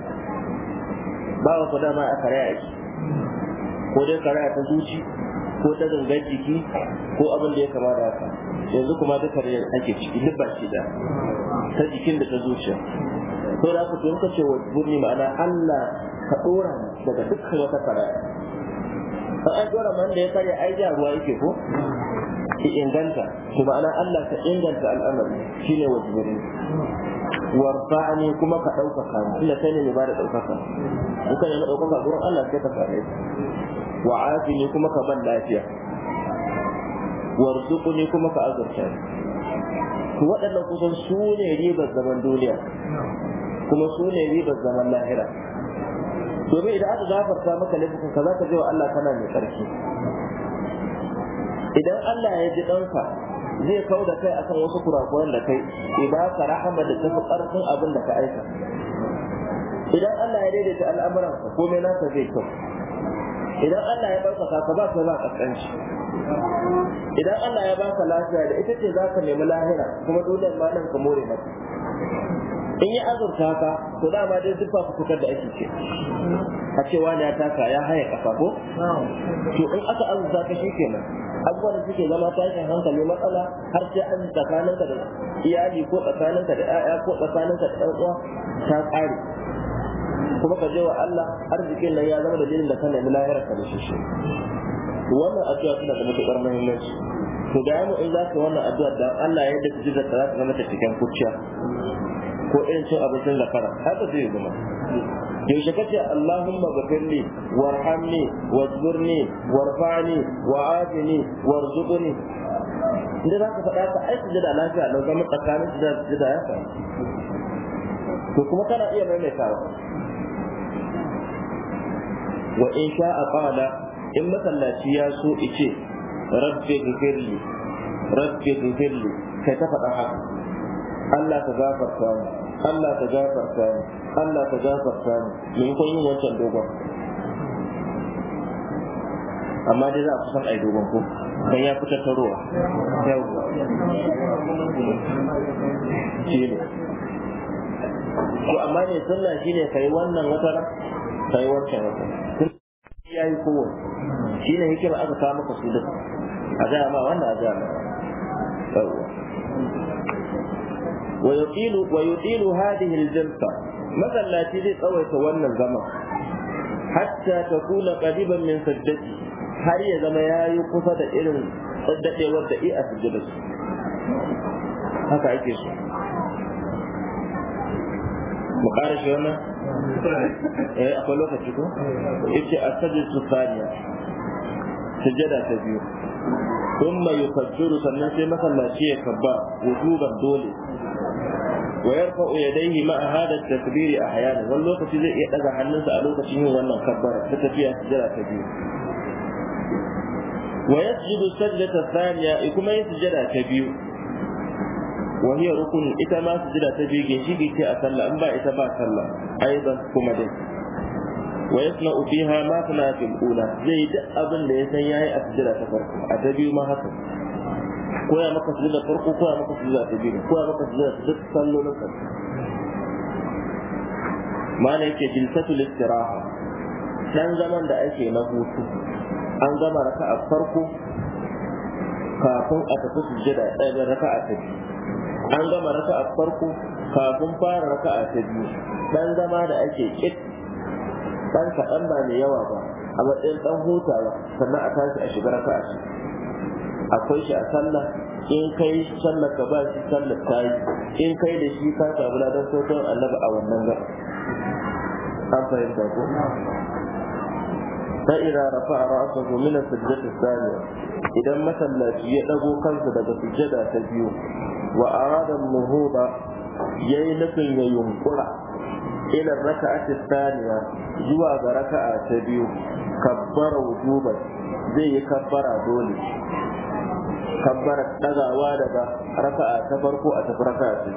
wa ku dama a karaya ake ko dai karaya ta zuci ko ta gangar jiki ko abin da ya kama da haka yanzu kuma duka da ake ciki duk ba shi da ta jikin da ta zuciya to da aka tunka ce wa burni ma'ana Allah ka dora daga dukkan wata karaya an an dora man da ya karya ai ja ruwa yake ko ki inganta to ma'ana Allah ka inganta al'amari shine wajibi warfa'ani kuma ka ɗaukaka ni tunda kai ne ba da ɗaukaka in ne na ɗaukaka gurin Allah sai ka same shi wa ne kuma ka ban lafiya ne kuma ka azurta ni to waɗannan kusan su ne ribar zaman duniya kuma su ne ribar zaman lahira domin idan aka gafarta maka laifukan ka za ka je wa Allah kana mai ƙarfi idan Allah ya ji ɗanka zai kau da kai akan wasu kurakuran da kai ibaka rahama da tafi karfin abin da ka aika idan Allah ya daidaita al'amuran ka komai ka zai kyau idan Allah ya barka ka ba ka ba ƙasƙanci idan Allah ya baka lafiya da ita ce za ka nemi lahira kuma dole ma nan ka more mata in ya azurta haka to dama dai duk fafutukar da ake ce a ce wani ya taka ya haye kafa ko to in aka azurta ka shi kenan abubuwan da suke zama tashin hankali matsala har sai an tsakaninka da iyali ko tsakaninka da 'ya'ya ko tsakaninka da ɗan uwa ta ƙare kuma ka je wa Allah arzikin nan ya zama da jinin da kana nemi lahirar ka da shi wannan addu'a tana da matuƙar muhimmanci to da yamu in za ka wannan addu'a da Allah ya da ku ji da za ka zama ta cikin kuciya ko irin cin abincin zakara har da zai zama yaushe kace Allahumma ghfirli warhamni wazburni warfani wa'afini warzuqni inda za ka faɗa ka aiki da lafiya da zama tsakanin sujada da ya faru to kuma kana iya maimaitawa wa in sha'a qala in masallaci ya so ice rabbi ghfirli rabbi ghfirli kai ta faɗa haka Allah ka gafarta ni Allah ka gafarta ni Allah ka gafarta ni me kun yin wancan dogon amma dai za a kusan ai dogon ko dan ya fi ta yau shi ne to amma ne sallah shine kai wannan wata kai wancan wata ya yi kowane shi ne hikima aka kawo maka su duka a ga ma wannan a ga ma wa yutilu wa yutilu masallaci zai tsawaita wannan zaman hatta takuna qariban min sajdati har ya zama yayi kusa da irin saddadewar da iya sujjada ثم sannan sai masallaci ya kabba wujuban dole wa yarfa'u a ma'a hada takbiri ahyana wani lokaci zai iya daga hannunsa a lokacin yin wannan kabbara ta tafiya sujjada ta biyu wa yasjudu sajdata thaniya kuma yin sujjada ta biyu wa hiya rukun ita ma sujjada ta biyu ginshiki ce a sallah in ba ita ba sallah aidan kuma dai wa zai abin da ya san yayi a ta farko a biyu ma haka koya maka su da farko koya maka su da ta biyu koya maka su da duk sallolin ka mana yake jilsatul istiraha dan zaman da ake na hutu an gama raka'a farko kafin a tafi sujjada ɗaya raka'a ta biyu an gama raka'a farko kafin fara raka'a ta biyu dan zama da ake kit dan kaɗan ba mai yawa ba a matsayin dan hutawa sannan a tashi a shiga raka'a akwai shi a sallah in kai sallah ka ba shi sallah ta yi in kai da shi ka samu ladan sautan annabi a wannan ga an fahimta ko fa da rafa ra'sahu min as-sajdati ath-thaniya idan masallaci ya dago kansa daga sujjada ta biyu wa arada an-nuhuda yayi nufin ya yunkura ila raka'ati ath-thaniya zuwa ga raka'a ta biyu kabbara wujuban zai yi kabbara dole kabbara ɗagawa daga raka'a ta farko a tafi raka'a ta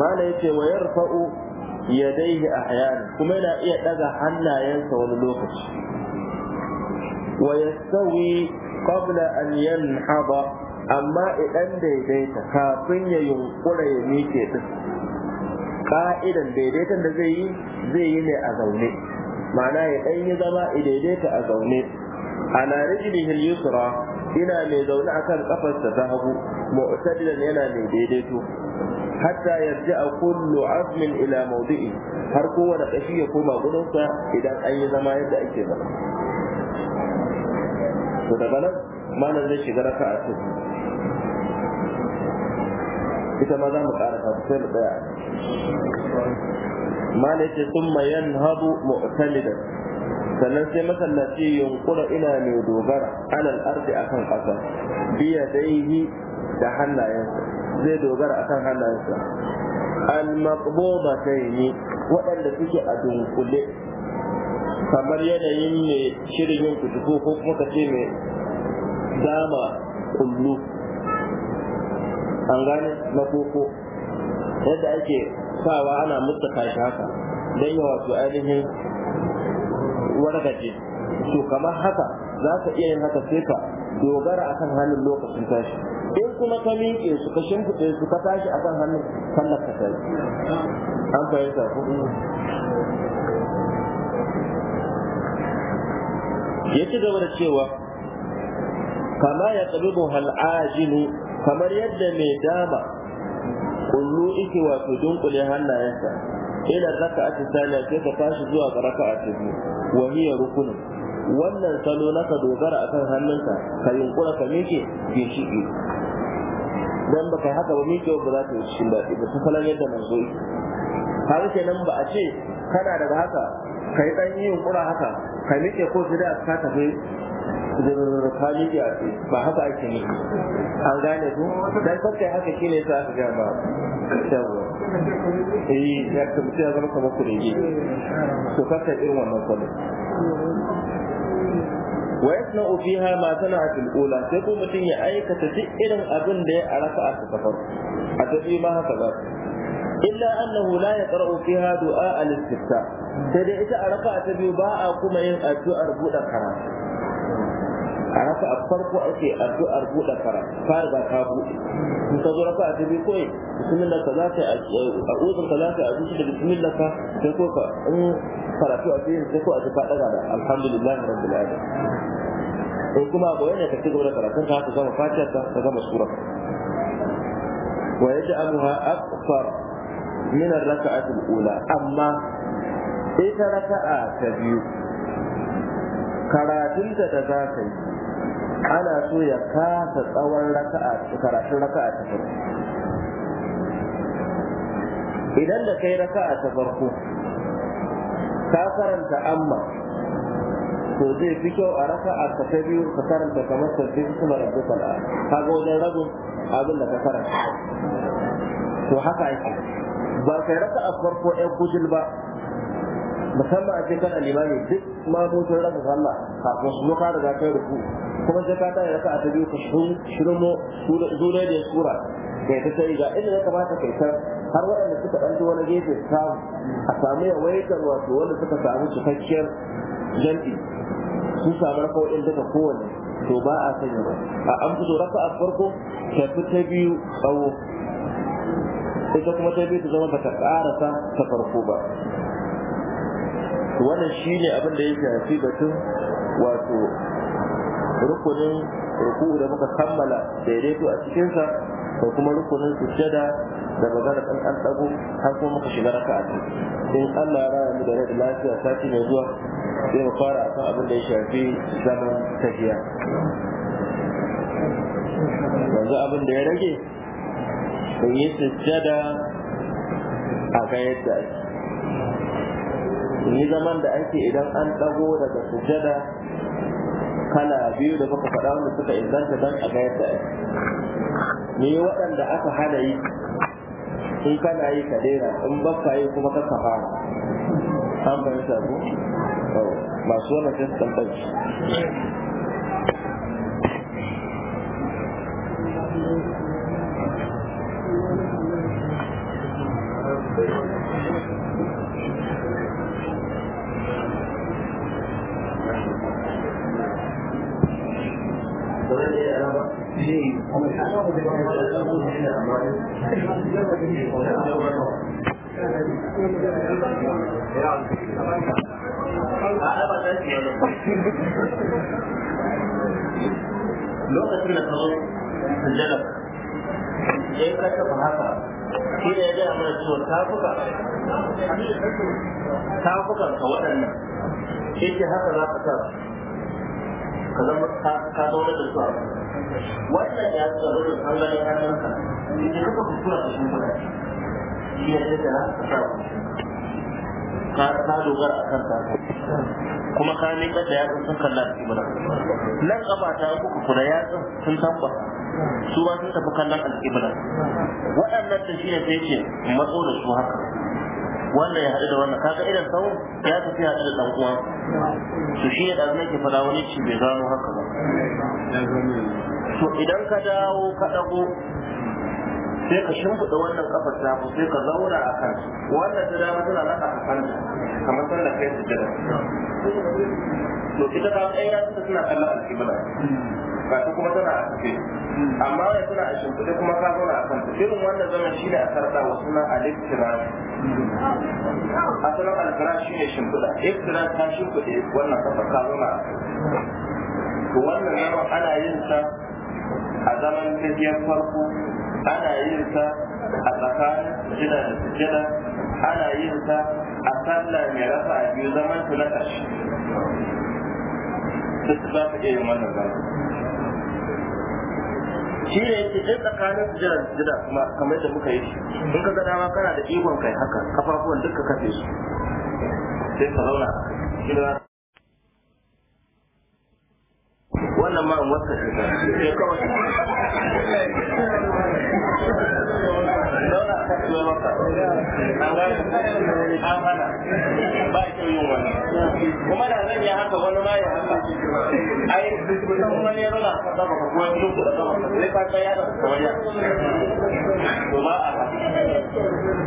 mana yace wa yarfa'u yadayhi ahyan kuma yana iya daga hannayensa wani lokaci wa yastawi qabla an yanhada amma idan daidaita kafin ya yunkura ya mike din ka'idan daidaitan da zai yi zai yi ne a zaune ma'ana ya dan yi zama daidaita a zaune على رجله اليسرى إلى ميدون أكل قفص تتهب معتدلا إلى ميديته حتى يرجع كل عظم إلى موضعه هركو ونقشي يقوم غنوصا إلى أي زمان يبدأ إكتبا ونبنى ما نزلش غرفة أسف إذا ماذا مقارفة بسير بيع ما نزل ثم ينهض معتدلا sannan sai masallaci yunkura ina mai dogara alal ardi akan ƙasa biya daihi da hannayensa zai dogara akan hannayensa al maqbubataini waɗanda suke a dunkule kamar yanayin mai shirin yin kutufu ko kuma ka ce mai dama kullu an gane na koko yadda ake sawa ana mutsaka shi haka don yawa su ainihin wargaje to kamar haka za ka iya yin haka sai ka dogara akan hannun lokacin tashi in kuma ka miƙe su ka shimfiɗe su ka tashi akan hannun sallar ka tashi an fahimta ku ya ci gaba da cewa kama ya tsabi tsabibu hal'ajinu kamar yadda mai dama kullu ike wato dunkule hannayensa ila raka'a ta sai ka tashi zuwa raka'a ta biyu wa hiya rukunin wannan salo na ka dogara akan hannunka ka yunkura ka miƙe ke shiƙe dan baka haka ba miƙe ba za ta yi cikin daɗi ba ta salon yadda manzo har kenan ba a ce kana daga haka ka yi ɗan yin kura haka ka nake ko su da ka tafi ka miƙe ya ce ba haka ake ne an gane ku dan kakkai haka shine ne aka aka gama yawa eh ya tabbata ya zama ku ne to kakkai irin wannan kullu wa yasna fiha ma sana'at al-ula sai ko mutun ya aikata duk irin abin da ya arasa a ta a tafi ma haka ba illa annahu la yaqra'u fiha du'a al-istifta sai dai ita a raka'a ta biyu ba a kuma yin addu'ar buɗe karatu a raka'a farko ake addu'ar buɗe karatu ka riga ka buɗe in ka zo raka'a ta biyu kawai bismillah ka za ka a'udhu ka za ka a'udhu da bismillah ka sai ko ka in karatu a biyu sai ko a ka daga da alhamdulillah rabbil alamin sai kuma a goyon ne ka ci gaba da karatun ka ka zama fatiyar ka ka gama surar wa yaj'aluha akthar min ar a ula amma ita raka'a ta biyu karatunta da za ka yi ana so ya kasa tsawon raka'a karatun raka'a ta farko idan da kai raka'a ta farko ka karanta amma to zai fi kyau a raka'a ka ta biyu ka karanta kamar sabbin kuma rabbuka al'a kaga wajen rabin abin da ka karanta to haka yake ba kai raka a farko ɗan kujil ba musamman a cikin alimami duk ma mamutar raka sallah kafin su muka riga kai ruku kuma sai ka tare raka a ta biyu ka shirmo zure da sura kai ta sai ga inda ya kamata kai ta har waɗanda suka ɗan ji wani gefe samu a samu ya yawaitar wato wanda suka samu cikakkiyar jam'i su samu raka'o'in daga kowanne to ba a sanya ba a an fito raka a farko tafi ta biyu tsawo ita kuma ta biyu ta zama bata karasa ta farko ba wannan shine abin da ya shafi batun wato rukunin ruku da muka kammala daidaito a cikinsa ko kuma rukunin sujjada da magana ɗan ɗan ɗago har kuma muka shiga raka a in Allah ya raya mu da rai da lafiya sati mai zuwa zai mu fara akan abin da ya shafi zaman tafiya yanzu abin da ya rage da yi sujjada a ga yadda ake yi zaman da ake idan an ɗago daga sujjada kana biyu da muka faɗa wanda suka inganta don a ga yadda ake ni waɗanda aka hana yi in kana yi ka daina in baka yi kuma ka kafa an fahimta ko masu wannan sai su lokacin da kawo sujjada ya yi kakkafa haka shi da ya gaya mana cewa tafuka tafukan ka waɗannan shi haka za ka sa ka zama ka zaune da su wannan ya tsaro da ɓangaren hannunka inda kaka kuskura da shi kuɗa shi ya ce da ka sa ka ka dogara a kan taka kuma ka miƙa da yatsun sun kalla da kibra nan ƙafa ta kuka kuna yatsun sun tabbata su ba sun tafi kallon alƙibla waɗannan da shi ne sai ce matso da su haka wannan ya haɗu da wannan kaga irin sau ya tafi haɗu da ɗan uwa. shi ya ɗazu nake faɗa wani ci bai gano haka ba to idan ka dawo ka ɗago sai ka shimfiɗa wannan ƙafar ta ku sai ka zauna a kan wannan ta dama tana nan a kafanta kamar sanda kai su jira to ita ta tsaya ta suna kallon alƙibla ba ta kuma tana a kafe amma wani tana a shimfiɗe kuma ka zauna a kan kanta irin wannan zama shi ne a karɗa wa suna aliftirashi asalin alfirashi shi ne shimfiɗa iftirashi ta shimfiɗe wannan ƙafar ka zauna a kan kai wannan zama ana yin sa a zaman tafiyar farko ana yin sa a tsakanin sujada da sujada ana yin sa a sallah mai rasa a biyu zaman su na ƙarshe duk za ka iya yin wannan zama shi ne yake ɗin tsakanin sujada da sujada kuma kamar da muka yi shi in ka ga dama kana da ikon kai haka kafafuwan duka kafe su sai ka zauna wannan ma'amwata shi ne shi kawai kuma da zan yi haka da sai ka ka ba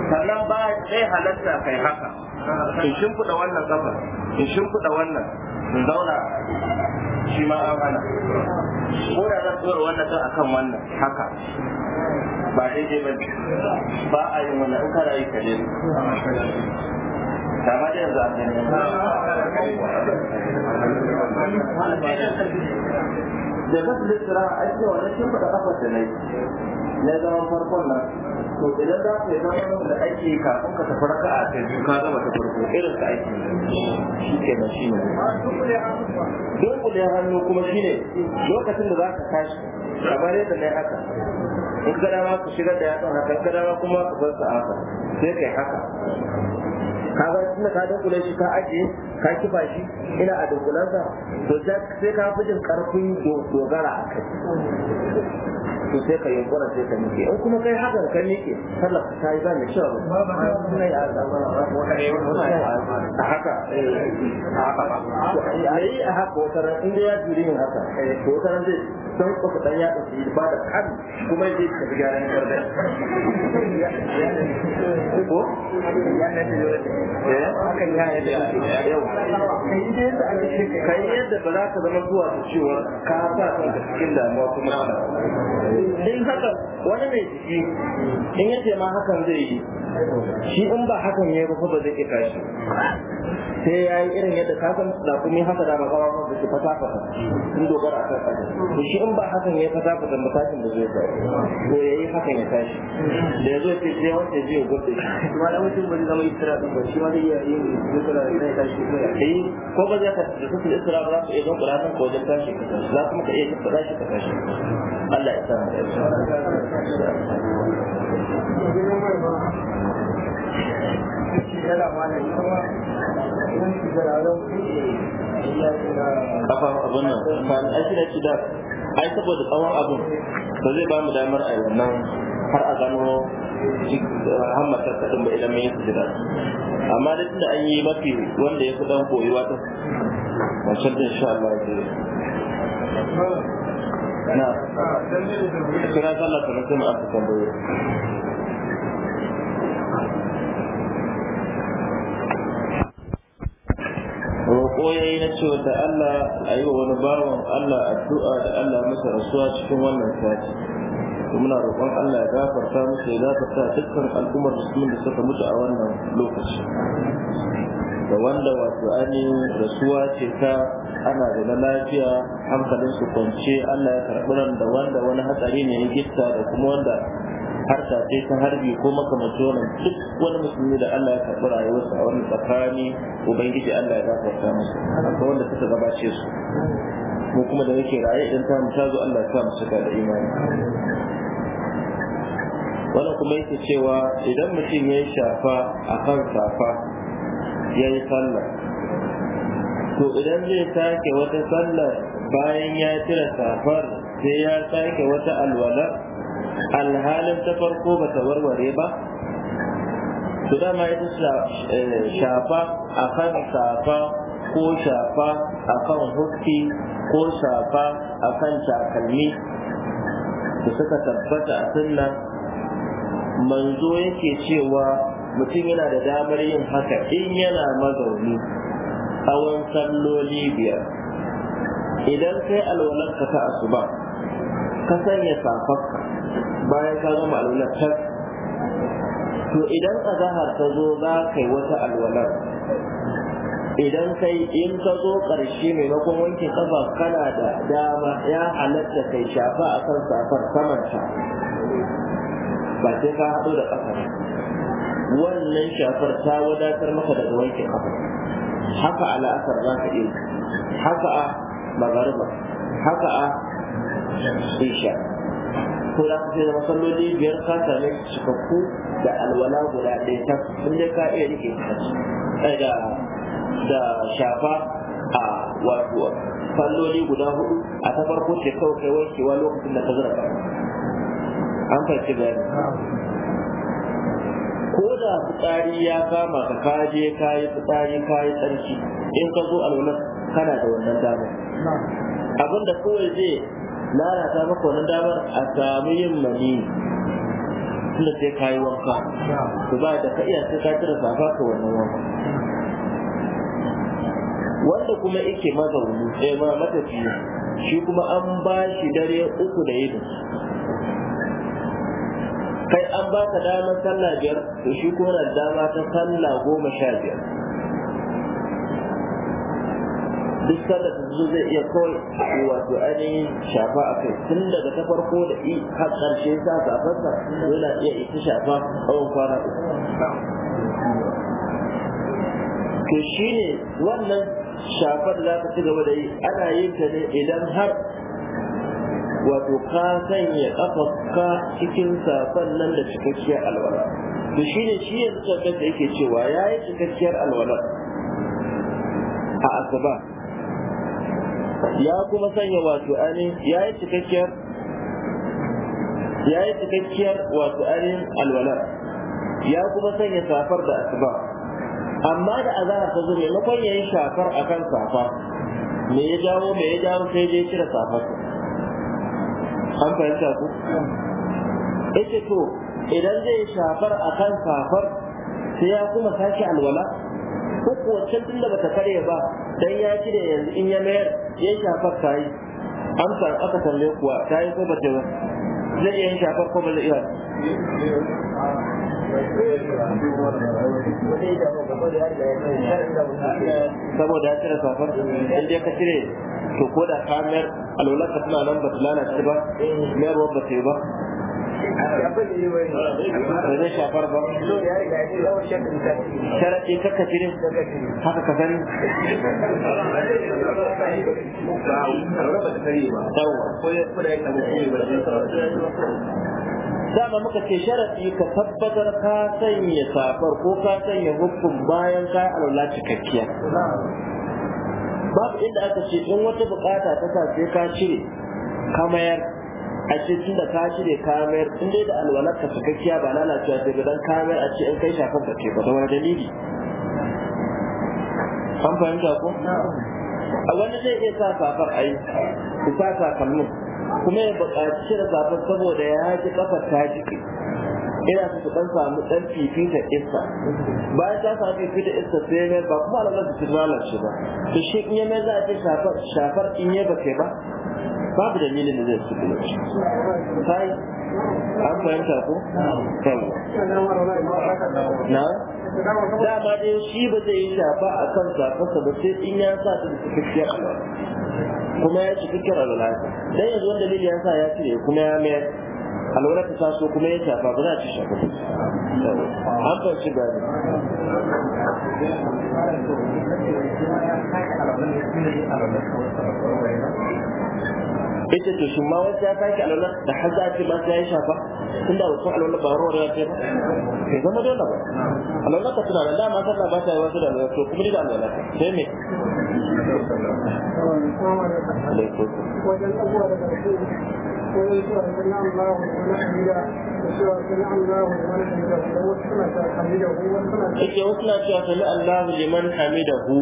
sannan ba zai halatta kai haka in shimfiɗa wannan kafa in shimfiɗa wannan in zauna shi ma an hana ko da zan tsoro wannan kan akan wannan haka ba daidai ba ba a yi wannan in kana yi kaje da ma da yanzu a gani da za su lissira a ce wannan kin faɗa kafar da nai na zaman farkon nan to idan za ka yi zaman da ake kafin ka tafi raka a kai ka zama ta farko irin ka aiki shi ke shi ne don hannu kuma shi ne lokacin da za ka tashi kamar yadda na yi haka in ka ku shigar da yatsun haka in kuma ku bar sa haka sai kai haka ka ga tunda ka dunkule shi ka ajiye ka kifa shi ina a dunkulansa to sai ka fi jin karfin dogara a kai to sai ka yunkura sai ka miƙe in kuma kai hakan ka miƙe sallar ta yi ba mai cewa ba haka a haka ba a yi a haka inda ya juri yin haka to zai don kuka dan da dauki ba da kan kuma zai eh? ka ga gyaran karda ko ya ne da eh ya ya yau kai yadda ba za ka zama zuwa da cewa ka sa cikin damuwa kuma haka wani mai jiki in yace ma hakan zai yi shi in ba hakan ya ba ba zai iya shi sai ya yi irin yadda ka san da kuma haka da ba kawo da shi fata fata sun dogara a kan to shi in ba hakan ya fata fata ba tashin da zai kai to ya yi hakan ya tashi da ya zo ce sai wanda zai gobe shi kuma da mutum ba zai zama istira ba shi ma zai iya yin istira zai tashi ko ya yi eh, ko ba zai tashi da kuma istira ba za su iya zan kuranin ko wajen tashi za kuma ka iya tashi tashi ka tashi Allah ya sa mu da shi kafa abun nan ba a shi da shi da ai saboda tsawon abun ba zai ba mu damar a wannan har a gano hammata kaɗin ba idan mai jira amma da tunda an yi mafi wanda ya fi dan koyuwa ta wancan din sha Allah ya na ah, kira sallah sanin sai mu aka tambaye roƙo ya yi na cewa da Allah a yi wa wani bawan Allah addu'a da Allah masa rasuwa cikin wannan sati muna roƙon Allah ya gafarta musu ya gafarta dukkan al'ummar musulmi da suka mutu a wannan lokaci da wanda wato ainihin rasuwa ce ta ana da na lafiya hankalin su kwance Allah ya karɓi da wanda wani hatsari ne ya gitta da kuma wanda har ce ta harbi ko makamancin wannan duk wani musulmi da Allah ya karɓi rayuwarsa a wani tsakani ubangiji Allah ya gafarta masa akwai wanda suka gabace su mu kuma da yake raye idan ta mu tazo Allah ya sa mu cika da imani wannan kuma yake cewa idan mutum ya shafa a kan safa ya yi sallah to idan zai sake wata sallar bayan ya cire safar sai ya sake wata alwalar alhalin ta farko ba ta warware ba to dama ita eh, shafa a kan safa ko shafa a kan hukki ko shafa a kan takalmi da suka tabbata a sunna manzo yake cewa mutum yana da damar yin haka in yana mazauni a salloli biyar idan kai alwalarka ta asuba ka sanya safarka bayan ka zama alwalar tas to idan azahar ta zo za ka yi wata alwalar idan kai in ka zo ƙarshe maimakon wankin kafa kana da dama ya halatta kai shafa a kan safar samanta ba sai ka haɗo da ƙafa wannan shafar ta wadatar maka daga wankin kafa haka a za ka iya haka a magariba haka a isha ko za ka sai da masalloli biyar ka same su cikakku da alwala guda ɗaya ta inda ka iya rike eh, da da shafa a wato salloli guda hudu a ta farko ce kawai kai wankewa lokacin da ka zura an fahimci bayani ko da fitsari ya kama ka kaje kayi fitsari yi tsarki in ka zo alwala kana da wannan damar abinda kawai zai lalata maka wannan damar a samu yin mani tunda sai ka yi wanka to ba da ka iya sai ka tira safa ka wannan wanka wanda kuma yake mazauni eh ma matafiya shi kuma an ba shi dare uku da yini kai an ba ka damar sallah biyar to shi kuma na dama ta sallah goma sha biyar duk sanda da zo zai iya kawai wato ainihin shafa a kai tun daga ta farko da i har ƙarshe sa gafarsa yana iya isa shafa tsawon kwana uku. to ne wannan shafar za ta ci gaba da yi ana yin ta ne idan har wato ka sanya kafarka cikin safan nan da cikakkiyar alwala to ne shi yanzu da yake cewa ya yi cikakkiyar alwala a asuba ya kuma sanya wato ainihin ya yi cikakkiyar ya yi cikakkiyar wato ainihin alwalar ya kuma sanya safar da asuba amma da azahar ta zo maimakon ya yi shafar akan safa me ya jawo me ya jawo sai dai cire safar an fahimta ku Ita to idan zai shafar akan safar sai ya kuma sake alwala ko tun da bata karya ba dan ya ci da yanzu in ya mayar ya shafa kai amsa aka kalle kuwa ta yi ko ba ta zai iya shafar ko ba zai iya saboda ya cire safar in dai ka cire to ko da ka mayar alwala ka tana nan ba ta lalace ba mayarwar ba ta yi ba dama muka ce sharaɗi ka tabbatar ka sanya safar ko ka sanya hukun bayan ka alwala cikakkiya babu inda aka ce in wata bukata ta sa sai ka cire ka mayar a ce tun da ka shirya ka mayar in dai da alwalar ka sakakkiya ba lalacewa sai dan kamar mayar a ce in kai shafar ka ce ba da wani dalili an fahimta ko a wani zai iya sa safar a yi ku sa takalmin kuma ya buƙaci cire safar saboda ya ji kafar ta jiki? ina su su ɗan samu ɗan fifita iska bayan ta samu fifita iska sai ya ba kuma alamar su lalace ba to shi in ya mai za a ce shafar in ya ba ba babu dalilin da zai su kuma ci kai an fahimta ko kawo na dama dai shi ba zai yi shafa a kan zafarsa ba sai in ya sa ta da cikakkiyar alwala kuma ya cikakkiyar alwala dan yanzu wanda dalili ya sa ya cire kuma ya mayar alwala ta so kuma ya shafa ba za a ci shafa an fahimci gani Thank you. ita to shin ma wata ya sake alwala da har za a ce ba shafa tun da wasu alwala ba rawar ya ce ba bai zama dole ba alwala ka da ma sallah ba ta yi wasu da alwala to kuma da alwala sai me da sami wani hamida da cewa sami da wasu suna suna na cewa liman hamidahu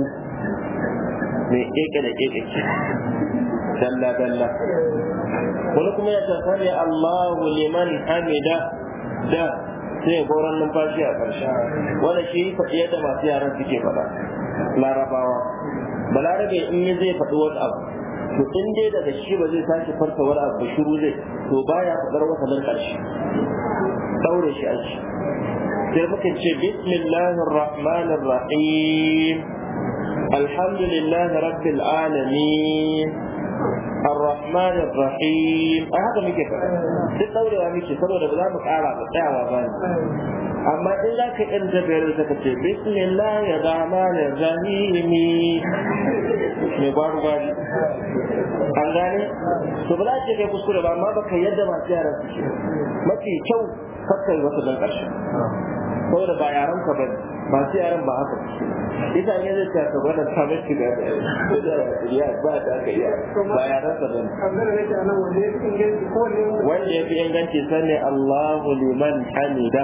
da dalla dalla wani kuma ya tasari Allahu liman hamida da sai goron numfashi a ƙarshe wanda shi faɗi yadda masu yaran suke faɗa larabawa balarabe in ya zai faɗi wani abu to in dai daga shi ba zai sake farka wani abu shiru zai to baya faɗar wata nan ƙarshe ɗaure shi a shi sai muka ce bismillahir rahmanir rahim alhamdulillahi rabbil alamin الرحمن الرحيم a haka muke faɗa duk ɗaurewa muke saboda ba za mu ƙara ba tsayawa ba ne amma in za ka ɗan zabiyar da ka ce bismillah ya zama ya zahimi mai gwaru gwari an gane to ba za ce kai kuskure ba amma baka yadda masu yaran su mafi kyau kakkai wasu don ƙarshe saboda ba yaran ka ba su yaran ba haka ita ne zai ta gaba da sabon shiga da ya ba da aka iya ba yaran ka bane wanda ya fi inganci sani Allahu liman hamida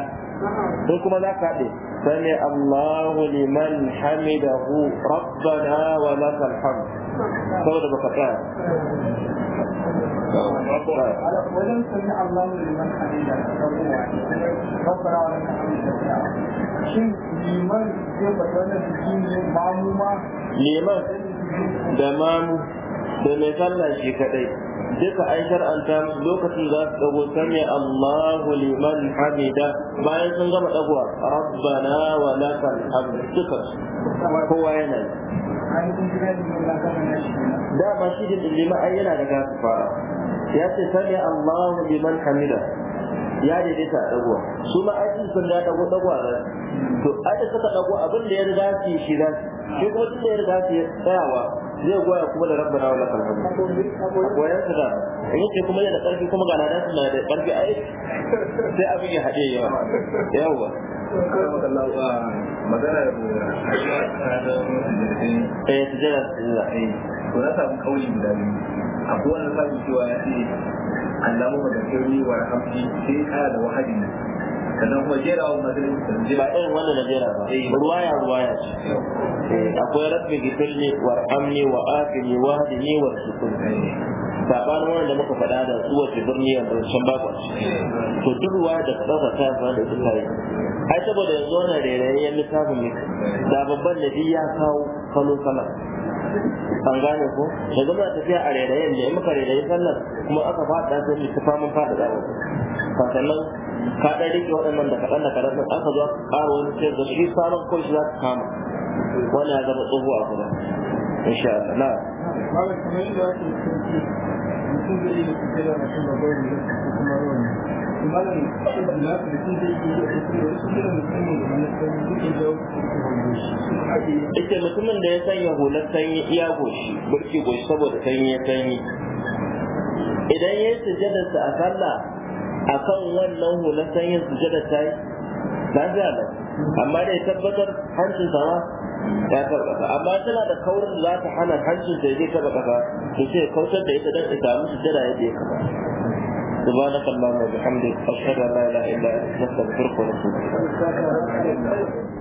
ko kuma za ka haɗe sani Allahu liman hamidahu rabbana wa lakal hamd saboda baka tsaya da mamu da mai sallah shi kadai duka an shar'anta lokacin za su dago sami Allahu liman hamida bayan sun gama dagowa rabbana wa lakal hamd duka kowa yana da. dama shi da liman ai yana da gasu fara ya ce Allah bi man hamida ya daidaita dago su ma aji sun da dago dago to aje suka dago abin da ya riga shi shi da shi ko duk da ya riga shi tsayawa zai goya kuma da rabbana wala kalhamdu ya tsada in yake kuma yana karfi kuma ga ladan sun da karfi ai sai abin ya hade yawa yawa magana da eh, eh, guda biyu akwai wani fadi cewa ya ce Allah mu da kirni wa rahamti sai kara da wahadi nan sannan kuma jera wa madrin ba irin wannan da jera ba eh. ruwaya ruwaya ce eh. akwai rabbi gifirni wa rahamni wa afini wa hadini wa shukurni eh. sabanin wannan da muka faɗa da su wace birni a can babu to duk ruwa da ɗauka ta fara da suka yi ai saboda yanzu wannan rairayen littafin ne da babban da ya kawo kano sama an gane ko yanzu muna tafiya a rairayen ne, in muka rairayi sallar kuma aka faɗa sai mu ta famun faɗa da wasu sannan ka ɗan rike waɗannan da kaɗan da kaɗan aka zo aka ƙara wani sai da shi salon kawai shi za ka kama wani ya zama tsoho a kuma insha Allah na mutum zai iya kuma da kuma ita mutumin da ya sanya hular sanyi iya goshi burki goshi saboda sanyi ya sanyi idan ya yi sujadarsa a sallah a kan wannan hular sanyin sujadar ta yi na zai amma dai tabbatar hancin sama ya karɓa amma tana da kaurin da za ta hana hancin da ya zai karɓa ka to sai kautar da ita don ita musu jira yadda ya karɓa سبحانك اللهم وبحمدك اشهد ان لا اله الا انت نستغفرك ونتوب اليك